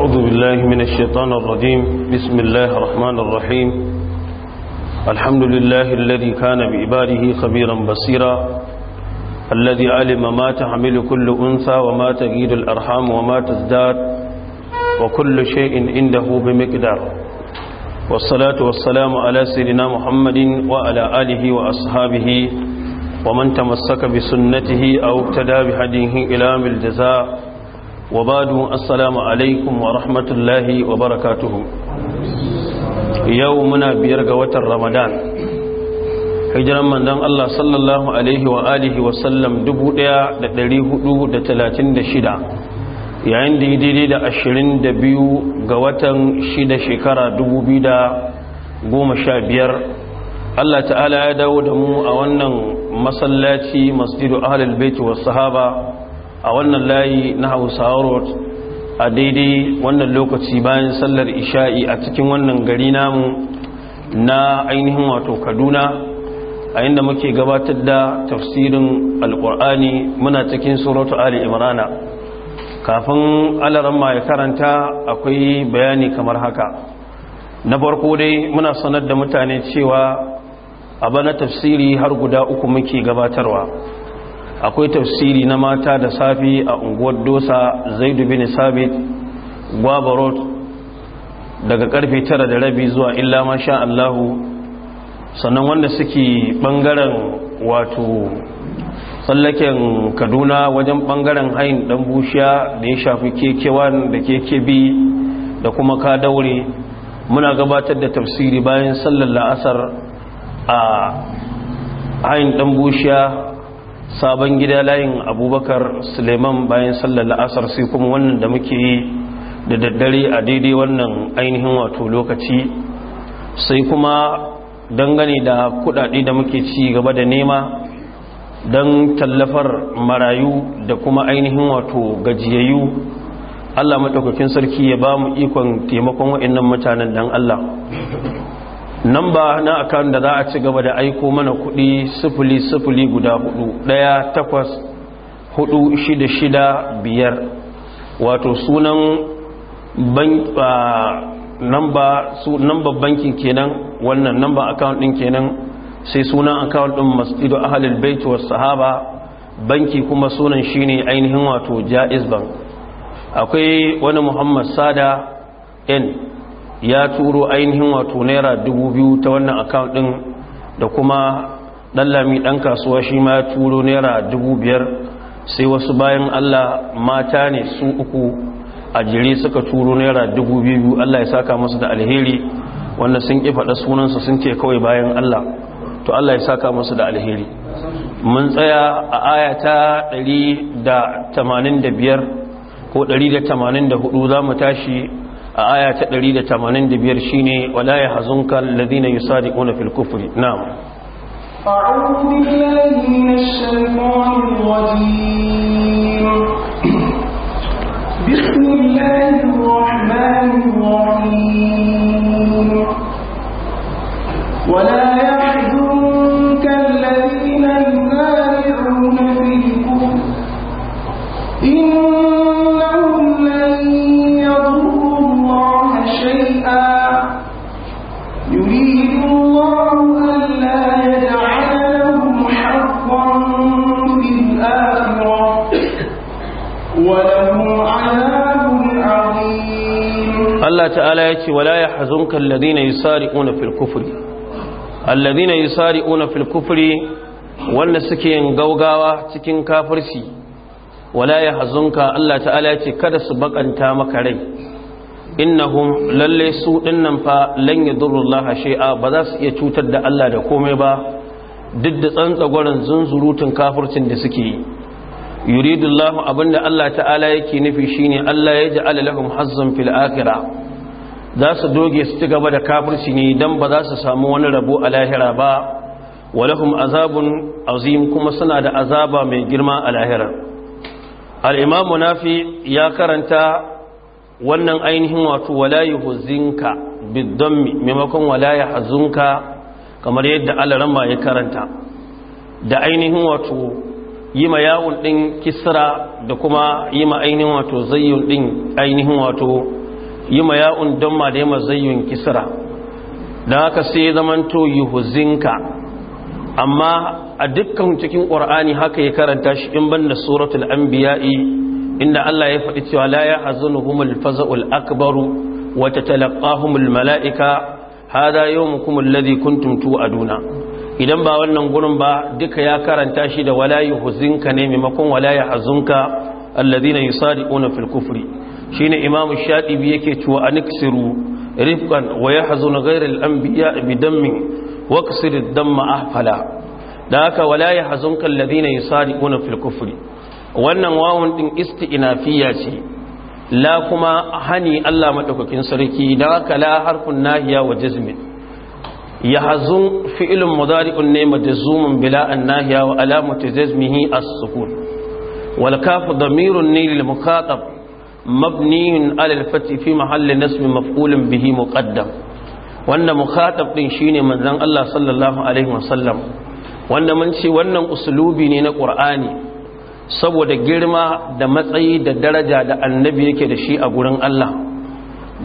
أعوذ بالله من الشيطان الرجيم بسم الله الرحمن الرحيم الحمد لله الذي كان بإباده خبيرا بصيرا الذي علم ما تحمل كل أنثى وما تجيد الأرحام وما تزداد وكل شيء عنده بمقدار والصلاة والسلام على سيدنا محمد وعلى آله وأصحابه ومن تمسك بسنته أو اقتدى بهديه إلى الجزاء وبعد السلام عليكم ورحمة الله وبركاته ga watan Ramadan. hijiran manzon Allah sallallahu alaihi wa alihi wa sallam shida. yayin da daidai da biyu ga watan shida shekara biyar. Allah ta'ala ya dawo da mu a wannan masallaci masjidu ahlul bait was sahaba a wannan layi na hausawa road a daidai wannan lokaci bayan sallar isha'i a cikin wannan gari namu na ainihin wato kaduna a inda muke gabatar da tafsirin alkur'ani muna cikin surutu ali imrana kafin alaramma ya karanta akwai bayani kamar haka na farko dai muna sanar da mutane cewa a bana tafsiri har guda uku muke gabatarwa akwai tafsiri na mata da safi a unguwar dosa zaidu bin sabit gwabarot daga karfe tara da rabi zuwa illa masha allahu sannan wanda suke bangaren wato tsallaken kaduna wajen bangaren hain dan bushiya da ya shafi kekewan da kekebi da kuma ka daure muna gabatar da tafsiri bayan sallar la'asar a hain dan bushiya sabon gida layin abubakar suleiman bayan sallar la'asar sai kuma wannan da muke yi da daddare a daidai wannan ainihin wato lokaci sai kuma dangane da kudade da muke ci gaba da nema don tallafar marayu da kuma ainihin wato gajiyayyu allah maɗaukakin sarki ya ba mu ikon taimakon waɗannan mutanen dan allah namba na akan da za a ci gaba da aiko mana kudi sifili sifili guda hudu daya takwas hudu shida shida biyar wato sunan namba su namba bankin kenan wannan namba account din kenan sai sunan account din masjidu ahlul bait wa sahaba banki kuma sunan shine ainihin wato jaiz bank akwai wani muhammad sada n ya turo ainihin wato naira dubu biyu ta wannan account ɗin da kuma lami ɗan kasuwa shi ma ya turo naira dubu biyar sai wasu bayan allah mata ne su uku a jere suka turo naira dubu biyu allah ya saka masu da alheri wanda sun ƙi faɗa sunansa sun ce kawai bayan allah to allah ya saka masu da alheri mun tsaya a ayata 185 ko 184 za mu tashi آية تدريد تمانين دي بيرشين ولا يحزنك الذين يصادقون في الكفر نعم أعوذ بالله من الشيطان الرجيم بسم الله الرحمن الرحيم ولا Allah ta'ala ya ce wala yahzunka alladhina yusari'una fil kufri alladhina yusari'una fil kufri wanda suke yin gaugawa cikin kafirci wala hazunka Allah ta'ala ya ce kada su bakanta maka rai innahum lalle su dinnan fa lan yadurrullaha shay'a ba za su iya cutar da Allah da komai ba duk da tsantsagwaran zunzurutun kafircin da suke yi yuridullahu abinda Allah ta'ala yake nufi shine Allah ya ja'ala lahum hazzan fil akhirah za su doge su ci gaba da kafirci ne don ba za su samu wani rabo a lahira ba walahum azabun azim kuma suna da azaba mai girma a lahira al'imamu fi ya karanta wannan ainihin wato walayi huzinka bidon maimakon walayi hazunka kamar yadda alarama ya karanta da ainihin wato yi ma yawon ɗin kisra da kuma yi ma ainihin wato zayyun ɗin ainihin wato yi ma ya'un don ma da ya mazayyun kisra don haka sai ya zamanto yuhuzinka amma a dukkan cikin ƙwar'ani haka ya karanta shi in banda suratul anbiya'i inda Allah ya faɗi cewa la humul faza'ul akbaru wa tatalaqahumul mala'ika hada yawmukum alladhi kuntum tu'aduna idan ba wannan gurin ba duka ya karanta shi da wala yuhzinka ne maimakon wala yahzunka alladhina yusariquna fil kufri shine imamu shadibi yake cewa Niksiru, Rifkan wa yahzun ghayr al-anbiya bi dammi wa kasir ad-damma ahfala da haka wala yahzunka alladhina yusariquna una kufri wannan wawun din isti'nafiya ce la kuma hani Allah maɗaukakin sarki da haka la harfun nahiya wa jazmin yahzun fi'lun mazari'un ne majzumun bila an-nahiya wa alamatu jazmihi as-sukun wal kafu damirun ne lil muqatab مبني على الفتح في محل نصب مفعول به مقدم wanda mukhatab din shine manzon Allah sallallahu alaihi wasallam wanda mun ce wannan usulubi ne na Qur'ani saboda girma da matsayi da daraja da annabi yake da shi a gurin Allah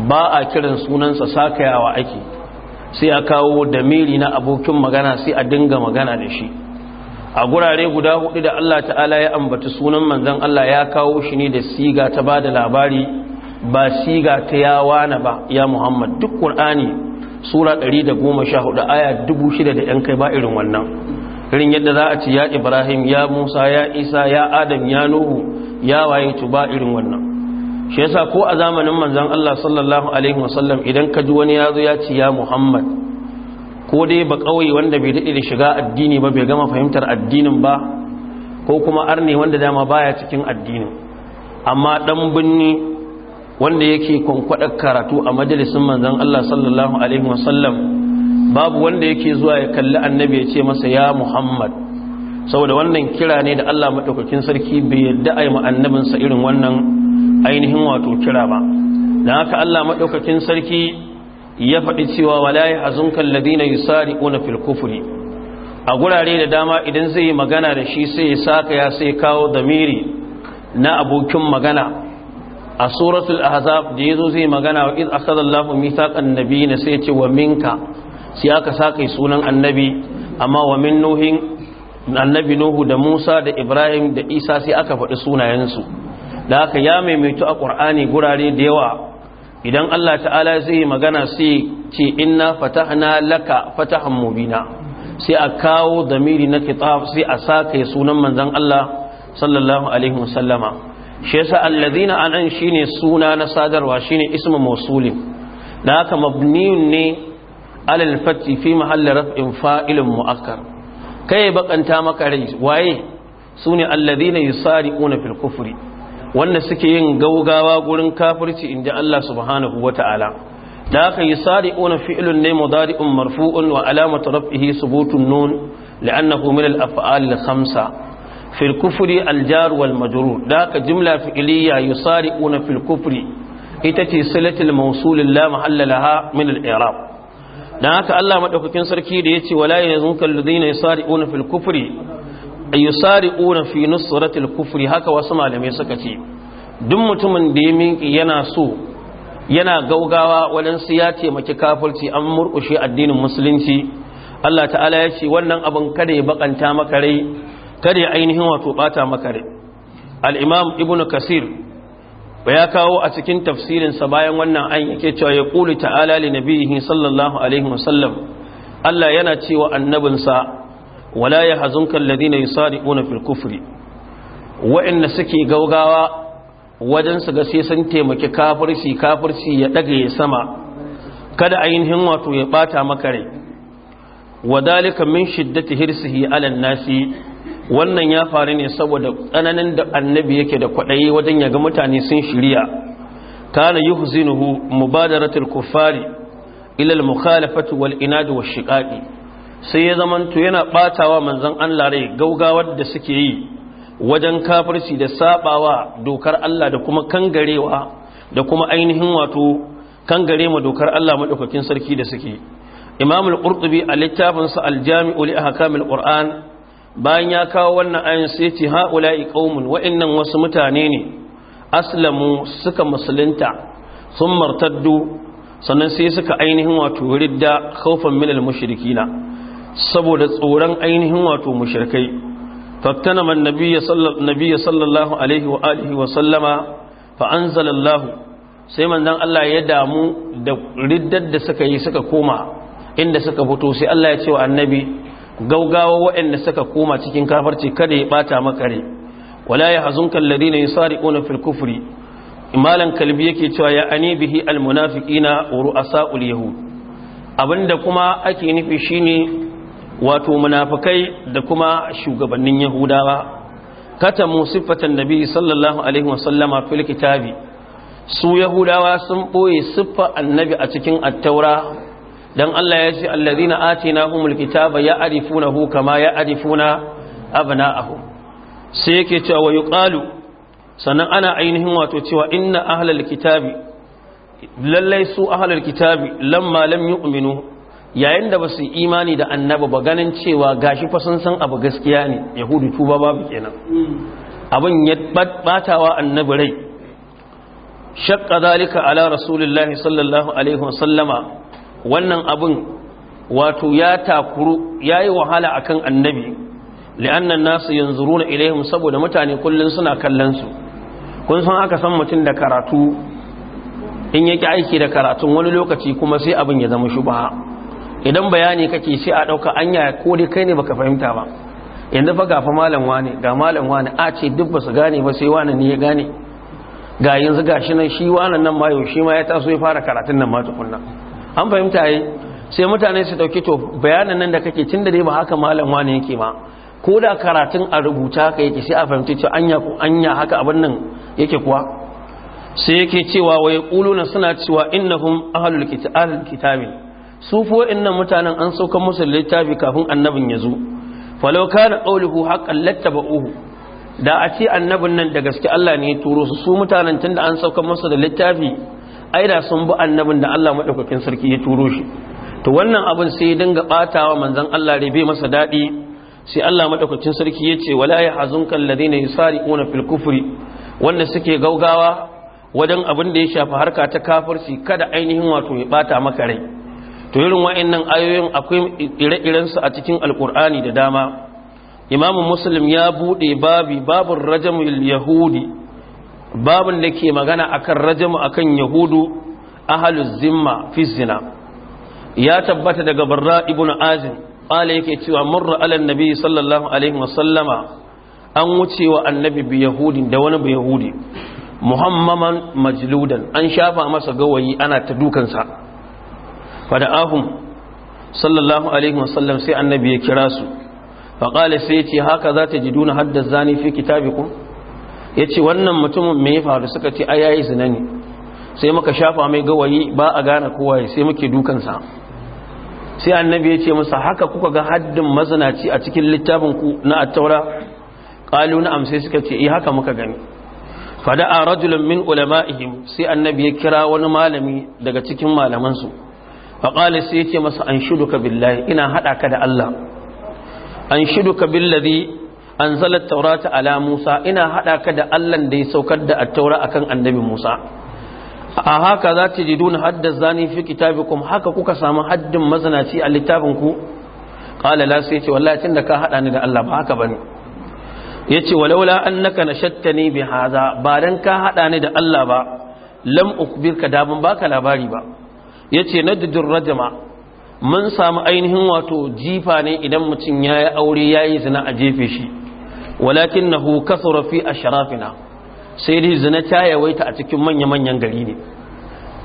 ba a kiran sunansa sakayawa ake sai a kawo damiri na abokin magana sai a dinga magana da shi a gurare guda hudu da Allah ta'ala ya ambata sunan manzan Allah ya kawo shi ne da siga ta ba da labari ba siga ta yawa na ba ya muhammad duk ƙur'ani sura 114 aya 6,000 da yan kai ba irin wannan irin yadda za a ci ya ibrahim ya musa ya isa ya adam ya nuhu ya waye tu ba irin wannan shi yasa ko a zamanin manzan Allah sallallahu alaihi wasallam idan ka ji wani ya zo ya ci ya muhammad ko dai ba kauye wanda bai daɗe da shiga addini ba bai gama fahimtar addinin ba ko kuma arne wanda dama baya cikin addinin amma dan binni wanda yake kwankwadar karatu a majalisin manzon Allah sallallahu alaihi wasallam babu wanda yake zuwa ya kalli annabi ya ce masa ya Muhammad saboda wannan kira ne da Allah madaukakin sarki bai yadda ai annabin sa irin wannan ainihin wato kira ba dan haka Allah madaukakin sarki ya faɗi cewa wala ladina yi yusari'una ƙuna filkufuri a gurare da dama idan zai magana da shi sai ya saka ya sai kawo damiri na abokin magana a suratul ahzab da yazo zai magana wa id akhadha Allahu mithaqan nabiyina sai ya ce wa minka sai aka saka sunan annabi amma wa min nuhin annabi nuhu da Musa da Ibrahim da Isa sai aka faɗi sunayensu da aka ya maimaito a Qur'ani gurare da yawa idan Allah ta'ala zai magana sai ce inna fatahna laka fatahan mubina sai a kawo damiri na kitab sai a sake sunan manzon Allah sallallahu alaihi wasallama shi yasa alladhina anan shine suna na sadarwa shine ismu mawsulin da haka mabniyun ne alal Fati fi mahalli raf'in fa'ilun mu'akkar kai bakanta maka rai waye sune alladhina yusari'una fil kufri wanda suke yin gaugawa gurin kafirci inda Allah subhanahu wata'ala da haka yusari'una fi'lun ne mudari'un marfu'un wa alamatu raf'ihi subutun nun li'annahu min al-af'al al-khamsa fil kufri al-jar wal majrur da haka jumla fi'liya yusari'una fil kufri ita ce silatul mawsul la mahalla laha min al da aka Allah madaukakin sarki da yace wala yanzunka alladhina yusari'una fil kufri yusari'una fi nusratil kufri haka wasu malamai suka ce duk mutumin da ya minki yana so yana gaugawa wajen su ya taimaki kafirci an murkushe addinin musulunci Allah ta'ala ya ce wannan abin kada ya bakanta maka rai kada ya ainihin wato bata maka rai al-imam ibnu kasir ya kawo a cikin tafsirinsa bayan wannan an yake cewa ya ƙuli ta'ala li nabihi sallallahu alaihi wasallam Allah yana cewa annabinsa wala ya hazunka alladhina yusari'una fil kufri wa'inda suke gaugawa wajen su ga sai sun taimaki kafirci kafirci ya daga ya sama kada ainihin wato ya bata maka rai wadalika min shiddati hirsihi ala nasi wannan ya faru ne saboda tsananin da annabi yake da kwaɗayi wajen yaga mutane sun shirya kana yuhzinuhu mubadaratul kuffari ila al-mukhalafati wal inad wash shiqaqi sai ya zamanto yana batawa manzon Allah rai gaugawar da suke yi wajen kafirci da sabawa dokar Allah da kuma kangarewa da kuma ainihin wato kangare ma dokar Allah madaukakin sarki da suke Imam al-Qurtubi a littafinsa al-Jami'u li ahkamil Qur'an bayan ya kawo wannan ayin sai ce haula'i qaumun waɗannan wasu mutane ne aslamu suka musulunta sun martaddu sannan sai suka ainihin wato ridda min minal mushrikina saboda tsoron ainihin wato mushrikai fattanama annabiyya sallallahu alaihi wa alihi wa sallama fa anzalallahu sai manzan Allah ya damu da riddar da suka yi suka koma inda suka fito sai Allah ya ce wa annabi gaugawa waɗanda suka koma cikin kafarci kada ya bata maka rai wala yahzunka alladhina yusari'una fil kufri imalan kalbi yake cewa ya ani bihi almunafiqina wa ru'asa'ul yahud abinda kuma ake nufi shine wato munafukai da kuma shugabannin yahudawa kata siffatan nabi sallallahu alaihi wasallama fil kitabi su yahudawa sun boye siffa annabi a cikin attaura dan Allah ya ce allazina atinahumul kitaba ya'rifunahu kama ya'rifuna abna'ahum sai yake cewa wa yuqalu sannan ana ainihin wato cewa inna ahlal kitabi lallai su ahlal kitabi lamma lam yu'minu yayin da basu su imani da annabi ba ganin cewa gashi fa sun san abu gaskiya ne yahudu tuba babu kenan abin ya batawa annabi rai shakka zalika ala rasulullahi sallallahu alaihi wasallama wannan abin wato ya takuru yayi wahala akan annabi li'annan nasu yanzuruna ilaihim saboda mutane kullun suna kallon su kun san aka san mutum da karatu in yake aiki da karatun wani lokaci kuma sai abin ya zama shubha idan bayani kake sai a ɗauka anya ko dai kai ne baka fahimta ba yanzu fa gafa malam wani ga malam wani a ce duk ba su gane ba sai wani ne ya gane ga yanzu ga shi nan shi wani nan ma yaushe ma ya taso ya fara karatun nan ma tukunna an fahimta yi eh? sai mutane su dauki to bayanan nan da kake tun da dai ba haka malam wani yake ma ko da karatun a rubuta haka yake sai a fahimci cewa anya ko anya haka abin nan yake kuwa sai yake cewa wa yaquluna suna cewa innahum ahlul kitabi su fuwa innan mutanen an saukan musu littafi kafin annabin ya zo falau kana qawluhu haqqan uhu. da a ce annabin nan da gaske Allah ne ya turo su su mutanen tun da an saukan musu da littafi ai da sun bi annabin da Allah maɗaukakin sarki ya turo shi to wannan abin sai ya dinga batawa manzan Allah rebe masa daɗi, sai Allah maɗaukakin sarki ya ce wala na alladhina yusari'una fil kufri wanda suke gaugawa wajen abin da ya shafi harka ta kafirci kada ainihin wato ya bata maka rai to irin wa'annan ayoyin akwai ire iren su a cikin alkur'ani da dama imamu muslim ya bude babi babin rajamu yahudi babin da ke magana akan rajamu akan yahudu ahaluz zimma fi zina ya tabbata daga barra ibn azin qala yake cewa murra ala nabi sallallahu alaihi wasallama an wuce wa annabi bi yahudi da wani bi yahudi muhammaman majludan an shafa masa gawayi ana ta dukansa fada'ahum sallallahu alaihi wasallam sai annabi ya kira su qala sai ce haka za ta ji duna haddar zani fi kitabikum ya wannan mutumin me mai faru suka ce a yayi zina ne sai muka shafa mai gawayi ba a gane kowa sai muke dukansa sai annabi yace ce masa haka kuka ga haddin mazanaci a cikin littafin ku na at-taura qalu na sai suka ce eh haka muka gani fada'a rajulun min ulama'ihim sai annabi ya kira wani malami daga cikin malamansu faƙali sai ce masa an shuduka billahi ina haɗa ka da Allah an shuduka billazi an zalar ta ala Musa ina haɗa ka da Allah da ya saukar da attaura akan annabi Musa a haka za ta jiduna hadda zani fi kuma haka kuka samu haddin mazanaci a littafin ƙala la sai ce wallahi ka haɗa ni da Allah ba haka bane yace walaula annaka ne bi haza ba dan ka haɗa ni da Allah ba lam ukbirka da ban baka labari ba ya ce na dujin rajama mun samu ainihin wato jifa ne idan mutum ya yi aure ya yi zina a jefe shi walakin na hukasa rafi a sharafina sai dai zina ta yawaita a cikin manya-manyan gari ne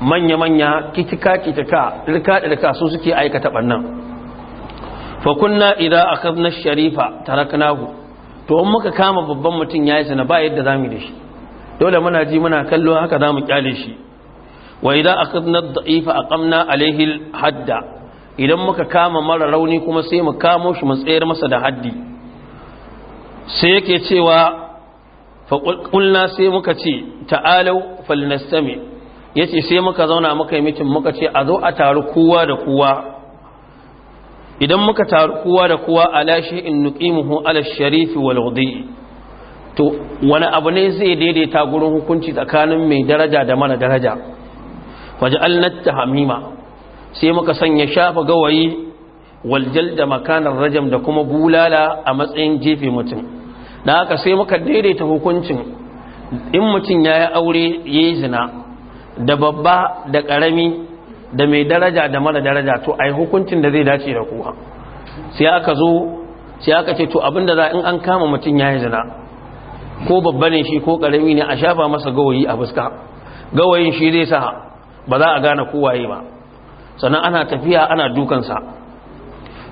manya-manya kitika-kitika ɗirka-ɗirka su suke aikata ɓannan fakunna idan a kafin sharifa taraknahu to in muka kama babban mutum ya yi zina ba yadda za mu da shi dole muna ji muna kallo haka za mu kyale shi wa idan akadna da'ifa aqamna alaihi hadda idan muka kama mara rauni kuma sai mu kamo shi mu tsayar masa da haddi sai yake cewa fa qulna sai muka ce ta'alu falnastami yace sai muka zauna muka yi mitin muka ce a zo a taru kowa da kowa idan muka taru kowa da kowa ala shay'in nuqimuhu ala sharifi wal ghadi to wani abu ne zai daidaita gurin hukunci tsakanin mai daraja da mana daraja waj'alna hamima sai muka sanya shafa gawayi waljal da makanar rajam da kuma bulala a matsayin jefe mutum da haka sai muka daidaita hukuncin in mutum ya yi aure ya yi zina da babba da ƙarami da mai daraja da mara daraja to a yi hukuncin da zai dace da kowa sai aka zo sai aka ce to abinda za in an kama mutum ya yi zina ko babba ne shi ko ƙarami ne a shafa masa gawayi a fuska gawayin shi zai sa ba za a gane kowaye ba sannan ana tafiya ana dukansa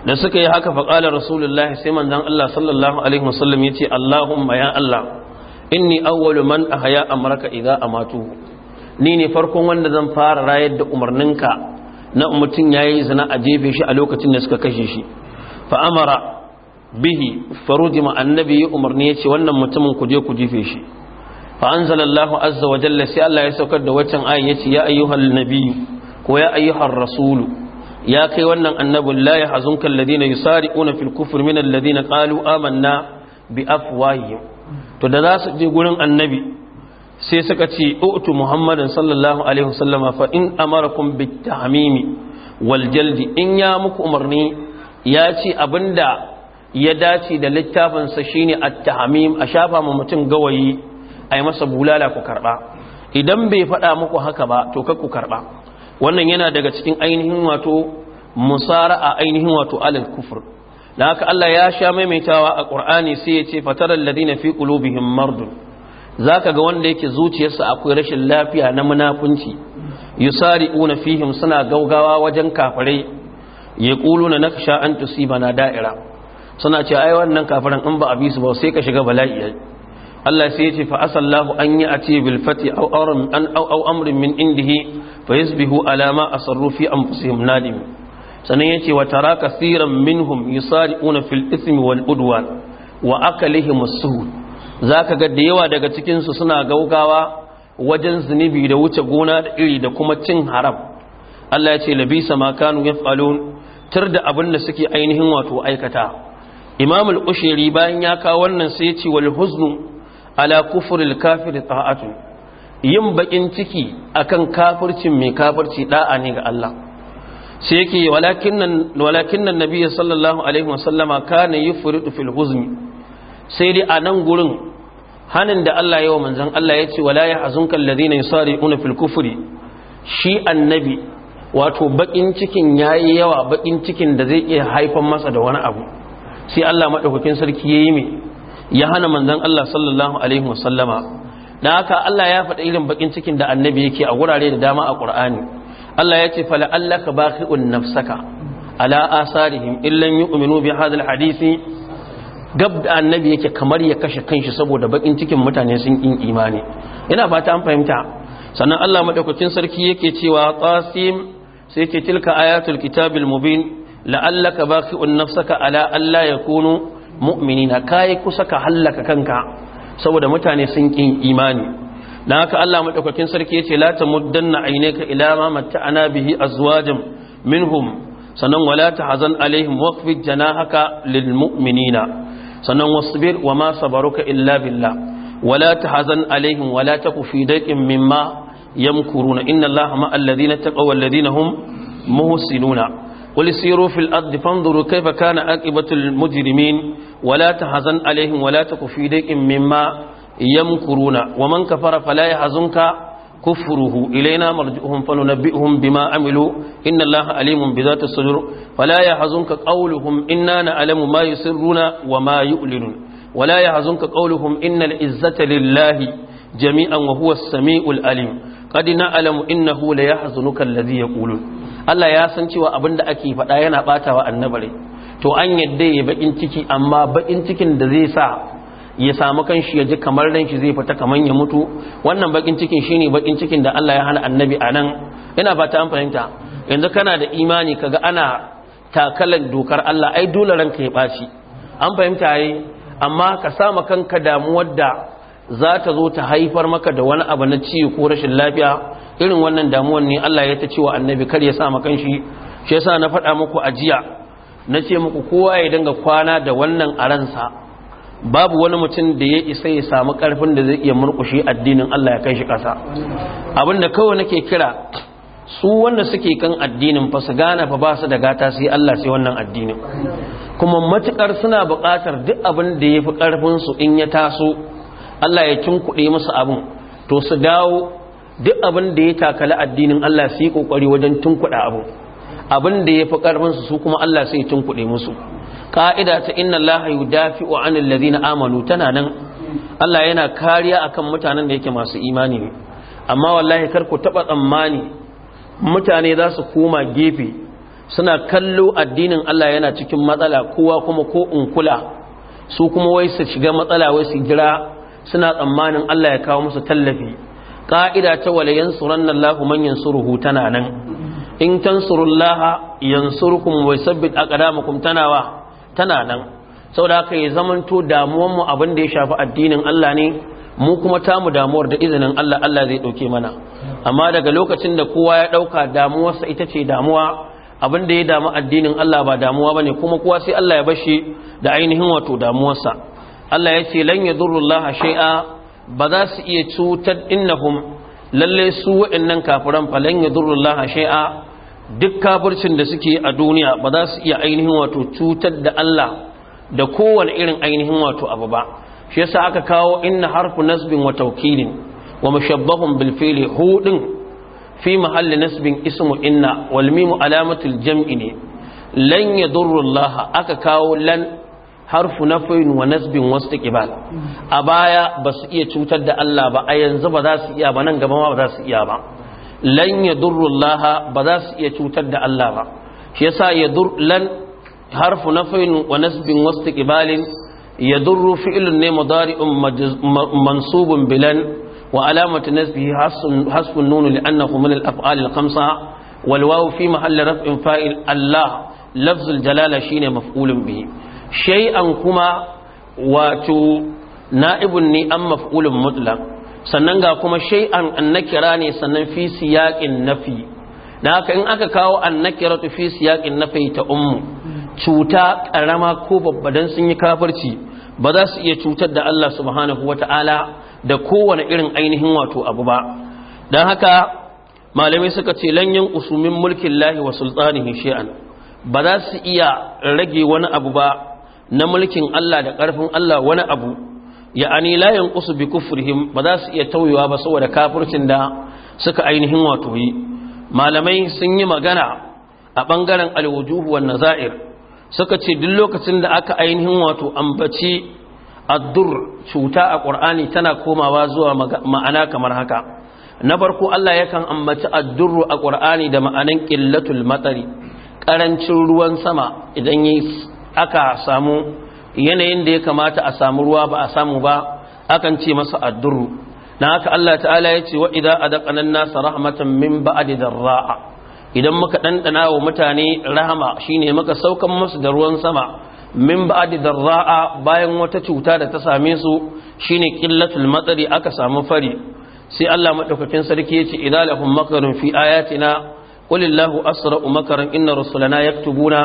da suka yi haka faƙalar rasulullahi sai manzan Allah sallallahu alaihi wasallam ya ce Allahumma ya Allah inni awwalu man ahya amraka idza amatu ni ne farkon wanda zan fara rayar da umarninka na mutum yayi zina a jefe shi a lokacin da suka kashe shi fa amara bihi farujima annabi umarni yace wannan mutumin ku je ku jefe shi fa anzalallahu sai Allah ya saukar da waccan ayin yace ko ya ayyuhar rasulu ya kai wannan annabi la yahzunka alladhina fil bi to da za su je gurin annabi sai suka ce utu muhammadin sallallahu alaihi wasallama fa in amarakum wal jaldi in ya muku umarni ya ce abinda ya dace da littafinsa shine at-tahmim a shafa ma mutum gawayi a yi masa bulala ku karɓa idan bai faɗa muku haka ba to ku karɓa wannan yana daga cikin ainihin wato musara a ainihin wato alal kufur da haka Allah ya sha maimaitawa a Qur'ani sai ya ce fataral ladina fi qulubihim mardun zaka ga wanda yake zuciyarsa akwai rashin lafiya na munafunci yusari'una fihim suna gaugawa wajen kafirai yaquluna nakhsha an tusibana da'ira suna ce ai wannan kafiran in ba a su ba sai ka shiga bala'i Allah sai ya ce fa asallahu an yi a bil fati amrin an aw min indihi fa yasbihu a ma a fi nadim sanan yace wa tara kasiran minhum yusari'una fil ismi wal udwan wa akalihim as-suhud zaka ga da yawa daga cikin su suna gaugawa wajen zunubi da wuce gona da iri da kuma cin haram Allah ya ce labisa ma kanu yaf'alun tir da abin da suke ainihin wato aikata Imam al-Ushayri bayan ya kawo wannan sai ya ce wal huznu ala kufuril kafir ta'atu yin bakin ciki akan kafircin mai kafirci da'a ne ga Allah sai yake walakinnan walakinnan nabiyyi sallallahu alaihi wasallama kana yufridu fil huzmi sai dai anan gurin hanin da Allah yawa manzon Allah yace wala yahzunka alladhina yusari'una fil kufri shi annabi wato bakin cikin yayi yawa bakin cikin da zai iya haifar masa da wani abu sai Allah madaukakin sarki yayi mai ya hana manzon Allah sallallahu alaihi wasallama dan haka Allah ya faɗa irin bakin cikin da annabi yake a wurare da dama a ƙur'ani Allah ya ce fala allaka baqi'un nafsaka ala asarihim illan yu'minu bi hadha hadisi gab da annabi yake kamar ya kashe kanshi saboda bakin cikin mutane sun kin imani ina fata an fahimta sannan Allah madaukakin sarki yake cewa qasim sai ce tilka ayatul kitabil mubin la'allaka baqi'un nafsaka ala alla yakunu mu'minina kai kusa ka hallaka kanka saboda mutane sun kin imani na haka Allah madaukakin sarki yace la tamuddanna aynaka ila ma matta'ana bihi a azwajan minhum sannan wala ta tahzan alaihim waqfid janahaka lilmu'minina sannan wasbir wama sabaruka illa billah wala ta hazan alaihim wala taku fi daqin mimma na inna allaha ma'al ladina taqaw wal ladina hum muhsinuna qul siru fil ardi fanzuru kayfa kana aqibatu al mujrimin wala tahzan alaihim wala takufi daqin mimma yamkuruna waman kafara fala yahzunka kufruhu ilaina marji'uhum fanunabbi'uhum bima amilu inna allaha alimun bidhati sudur fala yahzunka qawluhum inna na'lamu ma yusirruna wama yu'linun wala yahzunka qawluhum innal izzata lillahi jami'an wa huwa as-sami'ul alim qad na'lamu innahu la yahzunuka alladhi yaqulun Allah ya san cewa abinda ake faɗa yana wa annabari. to an yadda ya bakin ciki amma bakin cikin da zai sa ya samu kanshi ya ji kamar ran shi zai fita kamar ya mutu wannan bakin cikin shine bakin cikin da Allah ya hana annabi anan ina fata an fahimta yanzu kana da imani kaga ana takalan dokar Allah ai dole ranka ya baci an fahimta yi amma ka sama kanka damuwar da za ta zo ta haifar maka da wani abu na ci ko rashin lafiya irin wannan damuwar ne Allah ya ta ce wa annabi kar ya sa maka shi shi yasa na faɗa muku a jiya na ce muku kowa ya danga kwana da wannan a ransa babu wani mutum da ya isa ya samu karfin da zai iya murkushe addinin Allah ya kai shi ƙasa abinda kawai nake kira su wanda suke kan addinin fa su gane fa ba su da gata sai Allah sai wannan addinin kuma matukar suna buƙatar duk abin da ya fi karfin su in ya taso Allah ya tunkuɗe musu abin to su dawo duk abin da ya takala addinin Allah su yi kokari wajen tunkuɗa abin abin da ya fi ƙarfinsu su kuma Allah sai tun kuɗe musu Ka'ida ta inna Allah ya dafi wa anil ladina amanu tana nan Allah yana kariya akan mutanen da yake masu imani ne amma wallahi kar ku taɓa tsammani mutane za su koma gefe suna kallo addinin Allah yana cikin matsala kowa kuma ko in kula su kuma wai su shiga matsala wai su jira suna tsammanin Allah ya kawo musu tallafi Ka'ida ta walayen tsoron Allah man yansuruhu tana nan in tansurullaha yansurukum wa yusabbit aqdamakum tanawa tana nan saboda haka ya zamanto damuwar mu abin da ya shafi addinin Allah ne mu kuma ta mu damuwar da izinin Allah Allah zai dauke mana amma daga lokacin da kowa ya dauka sa ita ce damuwa abin da ya damu addinin Allah ba damuwa bane kuma kowa sai Allah ya bashi da ainihin wato damuwarsa Allah ya ce lan yadurullaha shay'a ba za su iya cutar innahum lalle su wa'annan kafiran fa lan yadurullaha shay'a duk kafircin da suke a duniya ba za su iya ainihin wato cutar da Allah da kowane irin ainihin wato abu ba shi yasa aka kawo inna harfu nasbin wa tawkilin wa mushabbahun bil fi'li fi mahalli nasbin ismu inna wal mimu alamatul jam'i ne lan yadurru Allah aka kawo lan harfu nafin wa nasbin wastiqbal a baya ba su iya cutar da Allah ba a yanzu ba za su iya ba nan gaba ma ba za su iya ba lan yadurrullaha ba za su iya cutar da Allah ba shi yasa yadur lan harfu nafin wa nasbin ya yadurru fi'ilun ne mudari'un mansubun bilan wa alamatu nasbihi hasbun nun li'annahu min al-af'al al-khamsa wal waw fi mahalli raf'in fa'il Allah lafzul jalala shine maf'ulun bihi shay'an kuma wato na'ibun ne an maf'ulun mutlaq sannan ga kuma shay'an annakira ne sannan fi siyaqin nafi da haka in aka kawo tu fi siyaqin nafi ta ummu cuta ƙarama ko babba dan sun yi kafirci ba za su iya cutar da Allah subhanahu wata'ala da kowane irin ainihin wato abu ba dan haka malamai suka ce lanyin usumin mulkin lahi wa sultanihi shay'an ba za su iya rage wani abu ba na mulkin Allah da ƙarfin Allah wani abu ya'ani layin yanqusu bi kufrihim ba za su iya tauyewa ba saboda kafircin da suka ainihin wato yi malamai sun yi magana a bangaren alwujuh wan nazair suka ce duk lokacin da aka ainihin wato ambaci addur cuta a qur'ani tana komawa zuwa ma'ana kamar haka na farko Allah yakan ambaci addur a qur'ani da ma'anan qillatul matari ƙarancin ruwan sama idan aka samu yanayin da ya kamata a samu ruwa ba a samu ba akan ce masa addurru na haka Allah ta'ala ya ce wa idan adaqanan nasa rahmatan min da ra'a idan muka ɗanɗana wa mutane rahama shine muka saukan musu da ruwan sama min da ra'a bayan wata cuta da ta same su shine killatul matsari aka samu fari sai Allah madaukakin sarki ya ce idan lahum makarun fi ayatina qulillahu asra'u makaran inna rusulana yaktubuna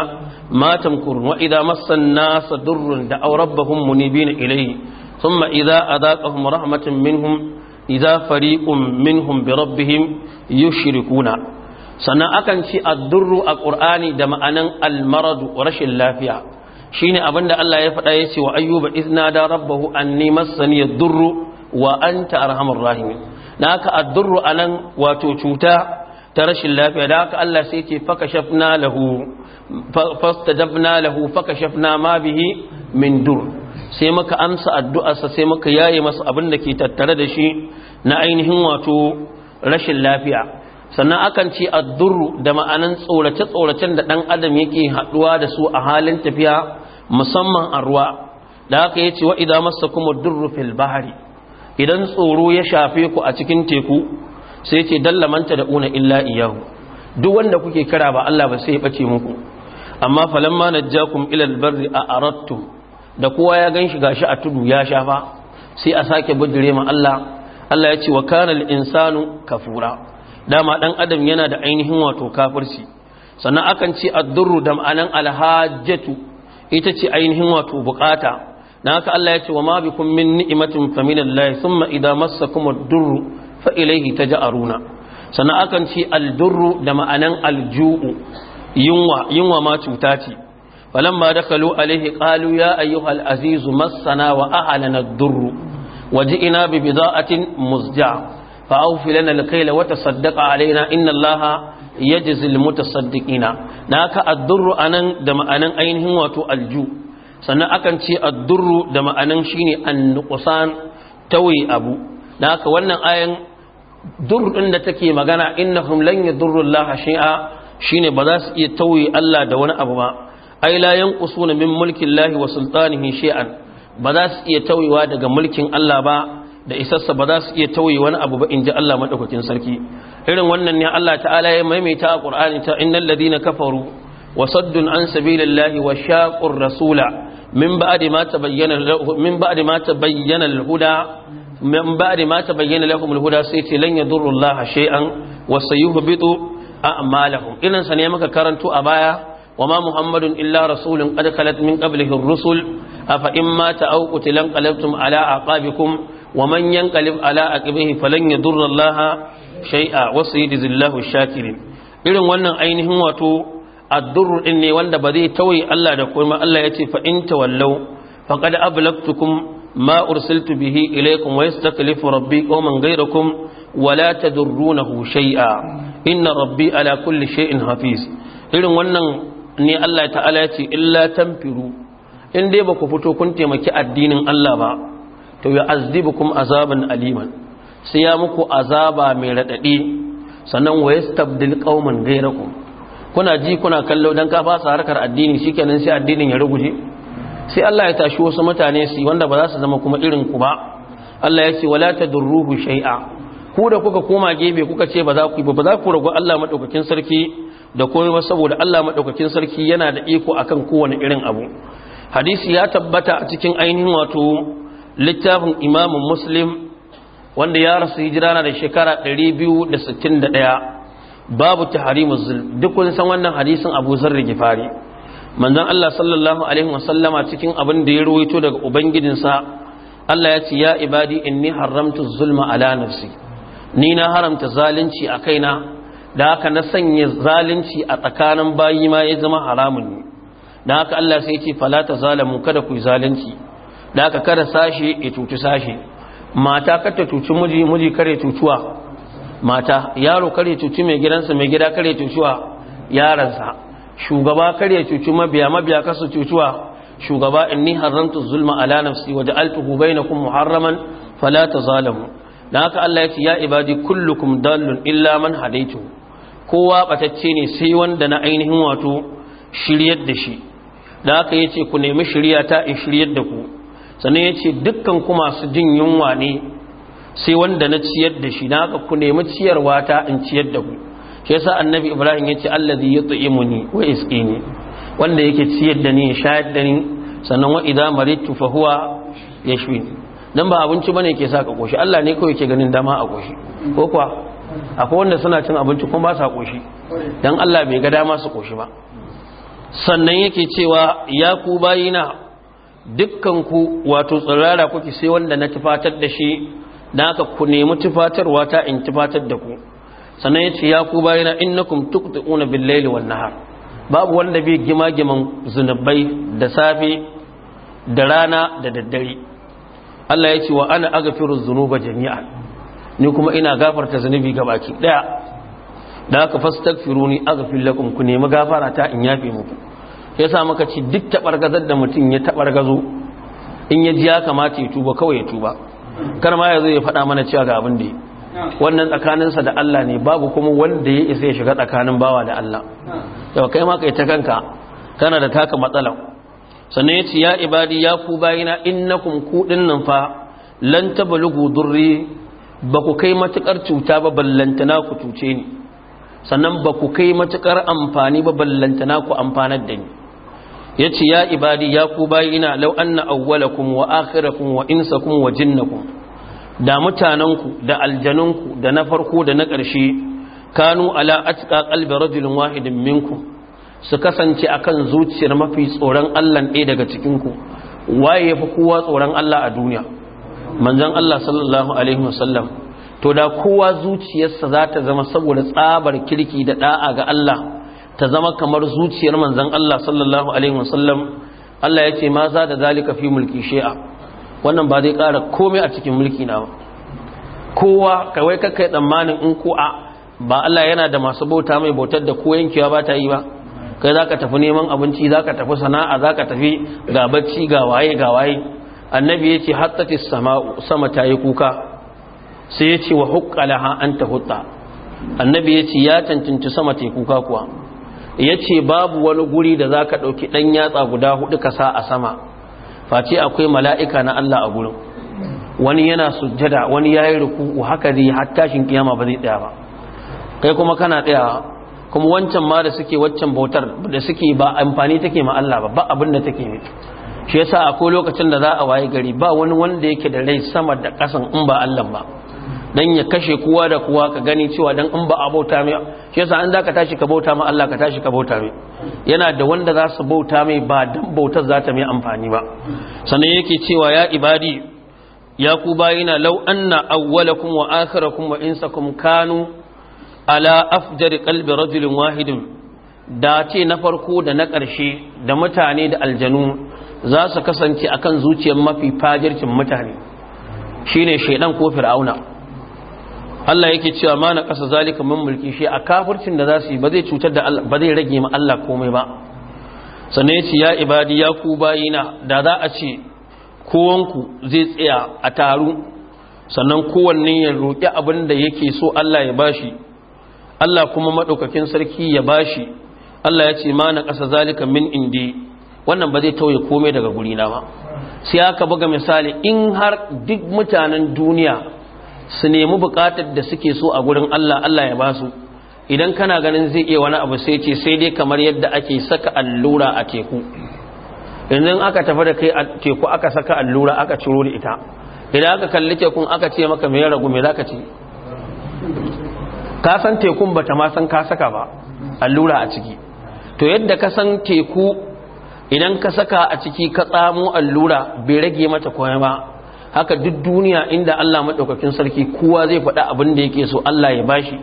ما تمكرون وإذا مس الناس ضر دعوا ربهم منيبين إليه ثم إذا أذاقهم رحمة منهم إذا فريق منهم بربهم يشركون addurru a ƙur'ani da ma'anan almaradu rashin lafiya shine abin Allah ya faɗa ya wa ayyuba izna rabbahu anni wa anta wato cuta ta rashin lafiya da haka Allah sai ce fakashafna lahu fastajabna lahu fakashafna ma bihi min dur sai muka amsa addu'arsa sai muka yaye masa abin da ke tattare da shi na ainihin wato rashin lafiya sannan akan ce addur da ma'anan tsorace tsoracen da dan adam yake haduwa da su a halin tafiya musamman a ruwa da haka yace wa idza massakum ad-durru fil bahri idan tsoro ya shafe ku a cikin teku sai ce dallamanta da una illa iyahu duk wanda kuke kira ba Allah ba sai ya bace muku amma falamma najjakum ila albarri a arattum da kowa ya ganshi gashi a tudu ya shafa sai a sake bujire ma Allah Allah ya ce wa kana al-insanu kafura dama dan adam yana da ainihin wato kafirci sannan akan ce ad-durru dam'anan al-hajjatu ita ce ainihin wato bukata dan haka Allah ya ce wa ma bikum min ni'matin faminallahi thumma idza massakum ad-durru fa a runa. sannan akan ce aldurru da ma'anan alju'u yunwa ma cuta ce da dakalu alaihi Kalu ya ayyuhal azizu massana wa ahlana ad ina bibi za a cin musja lana alkaila wata saddaka alaina inna Allah ya ta mutasaddiqina na ka addurru anan da ma'anan ainihin wato alju sannan akan ce addurru da ma'anan shine annuqsan tawi abu na ka wannan ayan dur din da take magana innahum lan yadurru Allah shay'a shine ba za su iya tauye Allah da wani abu ba ai la yanqusuna min mulkin Allah wa sultanihi shay'an ba za su iya tauyewa daga mulkin Allah ba da isassa ba za su iya tauye wani abu ba inji Allah madaukakin sarki irin wannan ne Allah ta'ala ya maimaita a Qur'ani ta innal ladina kafaru wa saddun an sabilillahi wa shaqur rasula min ba'di ma tabayyana min ba'di ma tabayyana al-huda min ba'di mata bayyana lakum al-huda sai ce lan yadurru Allah shay'an wa sayuhbitu a'malahum irin sa ne muka karanto a baya wa ma muhammadun illa rasulun qad khalat min qablihi ar-rusul a in ma ta'aw qutilan qalabtum ala aqabikum wa man yanqalib ala aqibihi falan yadurra Allah shay'a wa sayajzillahu ash-shakirin irin wannan ainihin wato ad ɗin ne wanda ba zai tawaye Allah da kuma Allah yace fa in tawallau faqad ablaqtukum ma ursiltu bihi ilaykum wa yastaklifu rabbi qauman ghayrakum wa la tadurrunahu shay'a inna rabbi ala kulli shay'in hafiz irin wannan ne Allah ta'ala ya ce illa tanfiru in dai baku fito kun taimaki addinin Allah ba to ya azibukum azaban aliman sai ya muku azaba mai raɗaɗi? sannan wa yastabdil qauman ghayrakum kuna ji kuna kallo dan ka fasa harkar addini shikenan sai addinin ya ruguje sai Allah ya tashi wasu mutane su wanda ba za su zama kuma irin ku ba Allah ya ce wala ruhu shay'a ku da kuka koma gebe kuka ce ba za ku ba za ku rago Allah madaukakin sarki da komai ba saboda Allah madaukakin sarki yana da iko akan kowane irin abu hadisi ya tabbata a cikin ainihin wato littafin Imam Muslim wanda ya rasu hijira na da shekara 261 babu tahrimu zulm duk kun san wannan hadisin Abu Zarri Gifari manzon Allah sallallahu alaihi wasallama cikin abin da ya ruwaito daga ubangijinsa Allah ya ce ya ibadi inni haramtu zulma ala nafsi ni na haramta zalunci a kaina da haka na sanya zalunci a tsakanin bayi ma ya zama haramun ne da haka Allah sai ya ce fala ta zalamu kada ku yi zalunci da haka kada sashe ya tutu sashe mata kar ta tuci miji miji kare tutuwa mata yaro kare tuci mai gidansa mai gida kare tutuwa yaransa shugaba kar ya cuci mabiya mabiya kasu cucuwa shugaba In inni haramtu zulma ala nafsi wa hu bainakum muharraman fala tazalamu dan haka Allah yace ya ibadi kullukum dallun illa man hadaitu kowa batacce ne sai wanda na ainihin wato shiryar da shi dan haka yace ku nemi shirya ta in shiryar da ku sannan yace dukkan ku masu jin yunwa ne sai wanda na ciyar da shi dan haka ku nemi ciyarwa ta in ciyar da ku shi yasa annabi ibrahim yace allazi yut'imuni wa yasqini wanda yake ciyar da ni ya shayar da ni sannan wa idza maritu fa huwa yashfi dan ba abinci bane yake saka koshi Allah ne kawai yake ganin dama a koshi ko kuwa akwai wanda suna cin abinci kuma ba sa koshi dan Allah bai ga dama su koshi ba sannan yake cewa ya ku bayina dukkan ku wato tsirara kuke sai wanda na tufatar da shi dan ku nemi tufatarwa ta in tufatar da ku sannan ya ce ya ku bayana innakum tuqti'una bil laili wan nahar babu wanda bai gima giman zunubai da safe da rana da daddare Allah ya ce wa ana aghfiru dhunuba jami'a ni kuma ina gafarta zunubi gabaki daya da haka fastaghfiruni aghfir lakum ku nemi gafara ta in yafe muku yasa muka ci duk tabargazar da mutum ya tabargazo in ya ji ya kamata ya tuba kawai ya tuba kar ma ya zo ya faɗa mana cewa ga abin da wannan tsakaninsa da Allah ne babu kuma wanda ya isa ya shiga tsakanin bawa da Allah yau kai ma kai ta kanka kana da taka matsala sannan yace ya ibadi ya ku bayina innakum ku dinnan fa lan tablughu durri ba ku kai matukar cuta ba ballantana ku cuce ni sannan ba ku kai matukar amfani ba ballantana ku amfanar da ni yace ya ibadi ya ku bayina law anna awwalakum wa akhirakum wa insakum wa jinnakum da mutanenku da aljanunku da na farko da na ƙarshe kanu ala atqa qalbi rajulin wahidin minkum su kasance akan zuciyar mafi tsoron Allah ɗaya daga cikin ku waye yafi kowa tsoron Allah a duniya manzon Allah sallallahu alaihi wasallam to da kowa zuciyarsa za ta zama saboda tsabar kirki da da'a ga Allah ta zama kamar zuciyar manzon Allah sallallahu alaihi wasallam Allah ya ma za da zalika fi mulki shi'a wannan ba zai kara komai a cikin mulki na ba kowa kawai kakai tsammanin in ko a ba Allah yana da masu bauta mai bautar da ko yankewa ba ta yi ba kai za ka tafi neman abinci za ka tafi sana'a za ka tafi ga bacci ga waye ga waye annabi ya ce hattati sama ta yi kuka sai ya ce wa hukkalaha an ta hutta annabi ya ce ya cancanci sama ta yi kuka kuwa ya ce babu wani guri da za ka ɗauki ɗan yatsa guda hudu ka sa a sama face akwai mala'ika na Allah a gurin wani yana sujjada wani ya yi ruku haka zai har kiyama ba zai tsaya ba kai kuma kana tsayawa kuma wancan ma da suke waccan bautar da suke ba amfani take ma Allah ba ba abin da take ne shi yasa akwai lokacin da za a waye gari ba wani wanda yake da rai sama da kasan in ba Allah ba dan ya kashe kowa da kowa ka gani cewa dan in ba a bauta mai shi yasa an zaka tashi ka bauta ma Allah ka tashi ka bauta mai yana da wanda za su bauta mai ba dan bautar za ta mai amfani ba sannan yake cewa ya ibadi ya ku bayina law anna awwalakum wa akhirakum wa insakum kanu ala afjari qalbi rajulin wahidin da ce na farko da na ƙarshe da mutane da aljanu za su kasance akan zuciyar mafi fajircin mutane shine shaidan ko fir'auna Allah yake cewa mana na ƙasa zalika mun mulki shi a kafircin da za su yi ba zai cutar da Allah ba zai rage ma Allah komai ba sannan yace ya ibadi ya ku bayina da za a ce kowanku zai tsaya a taru sannan kowanne ya roƙi abin da yake so Allah ya bashi Allah kuma madaukakin sarki ya bashi Allah ya ce ma ƙasa zalika min indi wannan ba zai tauye komai daga guri na ba sai aka buga misali in har duk mutanen duniya su nemi bukatar da suke so a gurin Allah Allah ya ba su idan kana ganin zai iya wani abu sai ce sai dai kamar yadda ake saka allura a teku idan aka tafi da kai a teku aka saka allura aka ciro da ita idan aka kalli tekun aka ce maka me ya ragu me zaka ce ka san tekun bata ma san ka saka ba allura a ciki to yadda ka san teku idan ka saka a ciki ka tsamo allura bai rage mata komai ba haka duk duniya inda Allah maɗaukakin sarki kowa zai faɗa abin da yake so Allah ya bashi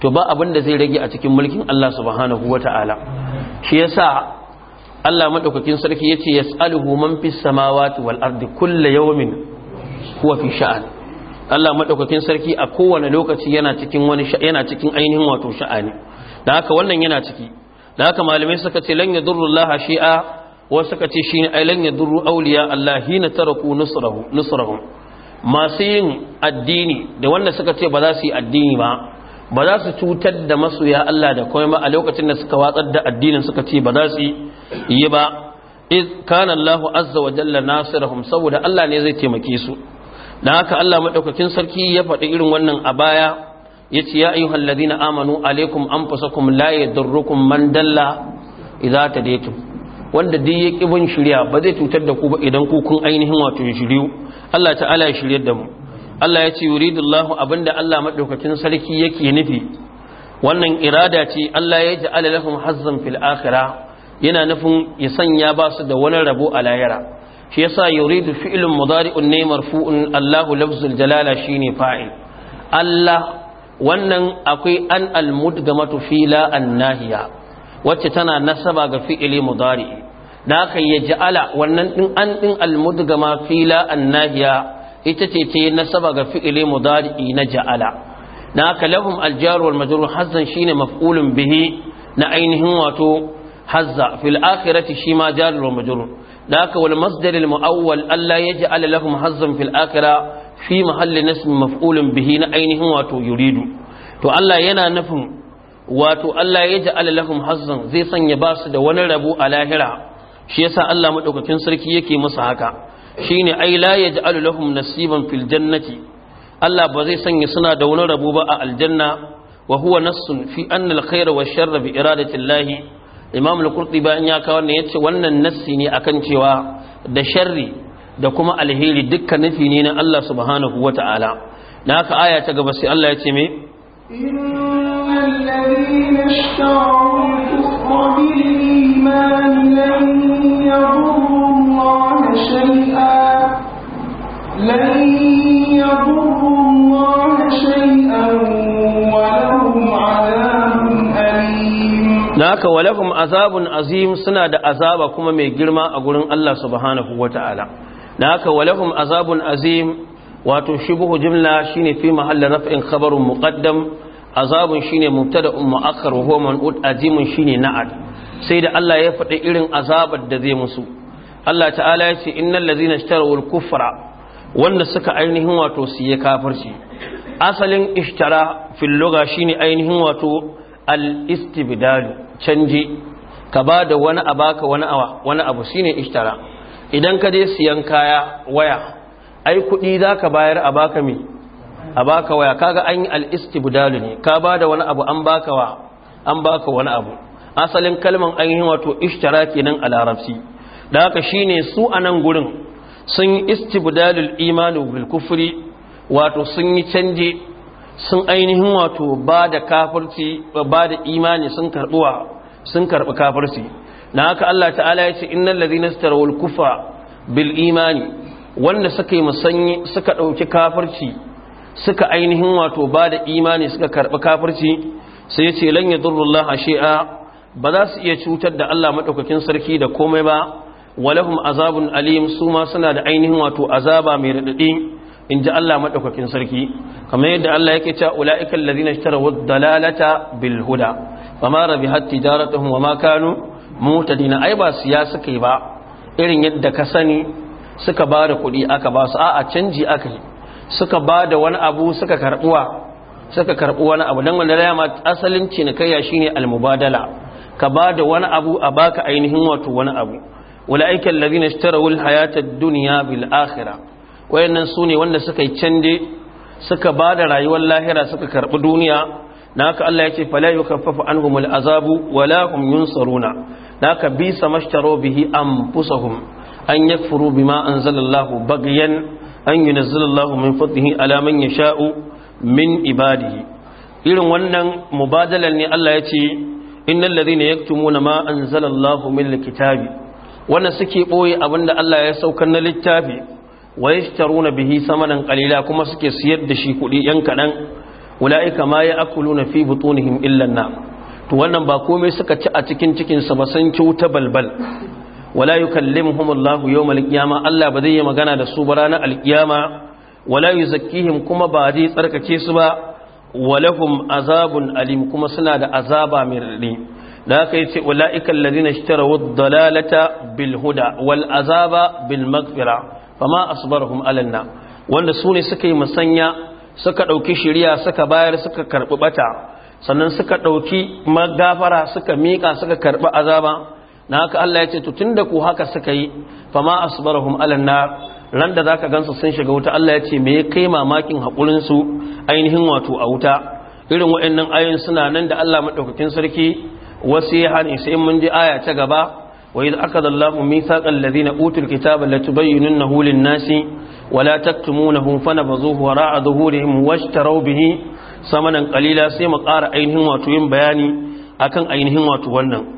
to ba abin da zai rage a cikin mulkin Allah subhanahu wata'ala shi yasa Allah madaukakin sarki yace yas'aluhu man fis samawati wal ardi kullu yawmin huwa fi sha'an Allah madaukakin sarki a kowane lokaci yana cikin wani yana cikin ainihin wato sha'ani dan haka wannan yana ciki dan haka malamai suka ce lan yadurrullaha shi'a wasu suka ce shi ne ailan ya duru auliya Allah hina taraku nusrahum masu yin addini da wanda suka ce ba za su yi addini ba ba za su cutar da masoya Allah da kuma a lokacin da suka watsar da addinin suka ce ba za su yi ba iz kana Allah azza wa jalla nasirahum saboda Allah ne zai taimake su dan haka Allah madaukakin sarki ya faɗi irin wannan a baya yace ya ayyuhal amanu alaikum anfusakum la yadurrukum man dalla idza tadaytum wanda duk ya kibin shirya ba zai cutar da ku ba idan ku kun ainihin wato shiryu Allah ta'ala ya shiryar da mu Allah ya ce yuridullahu abinda Allah madaukakin sarki yake nufi wannan irada ce Allah ya ja'ala lahum hazzan fil akhirah yana nufin ya sanya ba su da wani rabo a layara shi yasa yuridu fi'lun mudari'un ne marfu'un Allahu lafzul jalala shine fa'il Allah wannan akwai an al-mudgamatu fi la an-nahiya wacce tana nasaba ga fi'ili mudari da aka yi ja'ala wannan din an din almudgama fila annahiya ita ce ta yi nasaba ga fi'ili mudari na ja'ala da aka lahum aljar wal majrur hazzan shine maf'ulun bihi na ainihin wato hazza fil akhirati shi ma wal majrur da aka wal masdar al muawwal alla yaj'al lahum hazzan fil akhirah fi mahalli nasb maf'ulun bihi na ainihin wato yuridu to Allah yana nufin wato Allah ya ji lahum hazzan zai sanya ba su da wani rabo a lahira shi yasa Allah madaukakin sarki yake musu haka shine ai la yaj'alu lahum nasiban fil jannati Allah ba zai sanya suna da wani rabo ba a aljanna wa huwa nassun fi anna al khayra wa sharra bi iradati Allah Imam al-Qurtubi bayan ya kawo wannan yace wannan nassi ne akan cewa da sharri da kuma alheri dukkan nufi ne na Allah subhanahu wata'ala na haka aya ta gaba sai Allah ya ce me إن الذين اشتروا الكفر بالإيمان لن يضروا الله شيئا لن يضروا الله شيئا ولهم عذاب أليم ناك ولهم عذاب عظيم سنة عذاب كما مي جرما أقول الله سبحانه وتعالى ناك ولهم عذاب عظيم wato shibhu jumla shine fi mahalli raf'in khabarun muqaddam azabun shine mubtada'un mu'akhkhar wa huwa man'ud azimun shine na'at sai da Allah ya faɗi irin azabar da zai musu Allah ta'ala ya ce innal ladzina ishtaraw al-kufra wanda suka ainihin wato siye kafirci asalin ishtara fil lugha shine ainihin wato al-istibdal canji ka bada wani abaka wani awa wani abu shine ishtara idan ka je siyan kaya waya ai kudi za ka bayar a baka mi a baka waya kaga an yi al'istibdalu ne ka ba da wani abu an baka wa an baka wani abu asalin kalman an yi wato ishtara kenan a larabci da haka shine su a nan gurin sun yi istibdalul imanu bil kufri wato sun yi canje sun ainihin wato ba da kafirci ba da imani sun karbuwa sun karbi kafirci na haka Allah ta'ala ya ce innal ladhina istarawul kufa bil imani wanda suka yi musanyi suka ɗauki kafirci suka ainihin wato ba da imani suka karɓi kafirci sai ya ce lan durrullah a shi'a ba za su iya cutar da Allah maɗaukakin sarki da komai ba walahum azabun alim su ma suna da ainihin wato azaba mai raɗaɗi in ji Allah maɗaukakin sarki kamar yadda Allah yake cewa ula'ikan lazina shtara dalalata bil huda fama rabihat tijaratuhum wa ma kanu mutadina ai ba siya suka yi ba irin yadda ka sani suka ba da kuɗi aka ba su a'a canji aka yi suka ba da wani abu suka karɓuwa suka karɓi wani abu don wanda dama asalin cinikayya shine almubadala ka ba da wani abu a baka ainihin wato wani abu ula'ikan ladina ishtarawul duniya dunya bil akhira wayannan sune wanda suka yi canje suka ba da rayuwar lahira suka karɓi duniya naka Allah ya ce fala yukaffafu anhumul azabu wala hum yunsaruna naka bisa mashtaro bihi anfusahum an yakfuru bima anzalallahu bagyan an yunazzalallahu min fadlihi ala man yasha'u min ibadihi irin wannan mubadalan ne Allah ya ce innal ladhina yaktumuna ma anzalallahu min kitabi wannan suke boye abinda Allah ya sauka na littafi wa yashtaruna bihi samanan qalila kuma suke siyar da shi kuɗi yan kadan ulaika ma ya'kuluna fi butunihim illa an-nar to wannan ba komai suka ci a cikin cikinsa sa ba san kyauta balbal wala yukallimuhum Allah yawmal Allah ba zai yi magana da su ba ranar alkiyama wala yuzakkihim kuma ba zai tsarkake su ba walahum azabun alim kuma suna da azaba mai radi da haka ce ulaika alladhina ishtaraw ad-dalalata bil huda wal azaba bil maghfira fama asbarahum alanna wanda su ne suka yi musanya suka ɗauki shiriya suka bayar suka karbi bata sannan suka ɗauki magafara suka mika suka karɓi azaba na haka Allah ya ce to da ku haka suka yi fama asbarahum alan nar ran da zaka gansu sun shiga wuta Allah ya ce me ya kai mamakin hakurin su ainihin wato a wuta irin waɗannan ayoyin suna nan da Allah madaukakin sarki wasu ya hani sai mun ji aya ta gaba wa idh akada Allahu mithaqal ladina utul kitaba latubayyinunahu lin-nasi wa la taktumunahu fanabazuhu wara'a dhuhurihim washtaraw bihi samanan qalila sai mu ƙara ainihin wato yin bayani akan ainihin wato wannan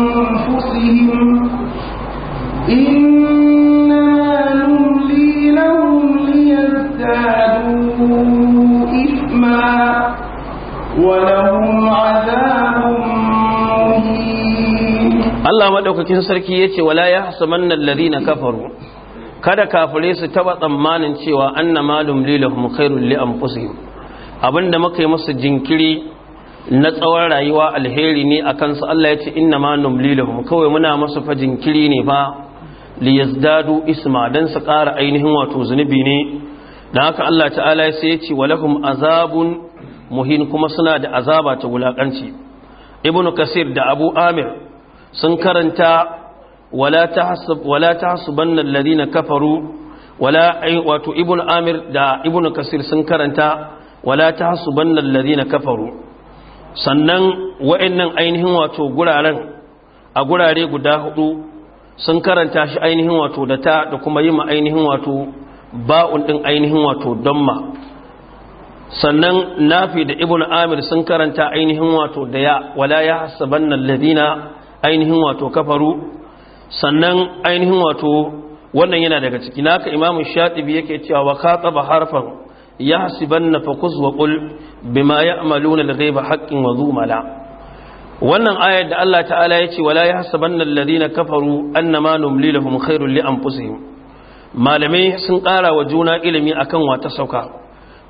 Allah madaukakin sarki yace wala ya hasamanna alladhina kafaru kada kafire su taba tsammanin cewa annama lilahum khairul li anfusihim abinda muka yi musu jinkiri na tsawon rayuwa alheri ne a kansu Allah ya ce inna ma numlilahum kawai muna masu fa jinkiri ne fa li yazdadu isma dan su ƙara ainihin wato zunubi ne dan haka Allah ta'ala sai ya ce walakum azabun muhin kuma suna da azaba ta wulakanci ibnu kasir da abu amir sun karanta wala ta lari na kafaru wala wato ibn amir da ibn kasir sun karanta wala ta lari na kafaru sannan wa'annan ainihin wato guraren a gurare guda hudu sun karanta shi ainihin wato da ta da kuma yi ma ainihin wato ba'un din ainihin wato don ma. sannan nafi da ibn amir sun karanta ainihin wato da ya wala ya hasabanna alladhina ainihin wato kafaru sannan ainihin wato wannan yana daga ciki ka imamu shatibi yake cewa wa kataba harfan yahsibanna fakuz wa qul bima ya'maluna al-ghaiba haƙƙin wa dhumala wannan ayar da Allah ta'ala ya ce wala yahsabanna alladhina kafaru annama numli lahum khairul li'an anfusihim malamai sun ƙara wa juna ilimi akan wata sauka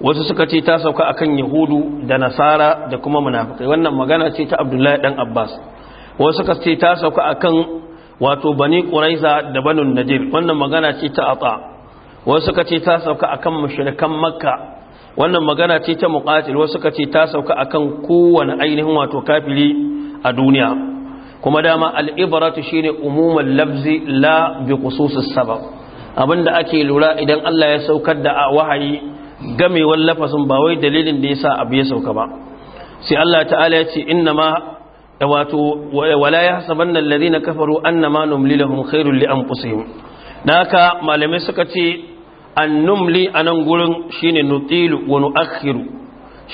wasu suka ce ta sauka akan yahudu da nasara da kuma munafukai wannan magana ce ta abdullahi dan abbas wasu suka ta sauka a kan wato bani Ƙuraisa da banin nadir wannan magana ce ta atsa wasu suka ta sauka a kan mushrikan makka wannan magana ce ta muqatil wasu suka ta sauka a akan kowane ainihin wato kafiri a duniya kuma dama al'ibaratu shi shine umuman lafzi la bi khususis sabab abinda ake lura idan Allah ya saukar da a wahayi gamewar lafazin ba wai dalilin da sa abu ya sauka ba sai Allah ta'ala ya ce inna ma wato wala ya saban nan lalina kafaru annama numli lahum khairul li anfusihim naka malamai suka ce an numli anan gurin shine nutilu wa nuakhiru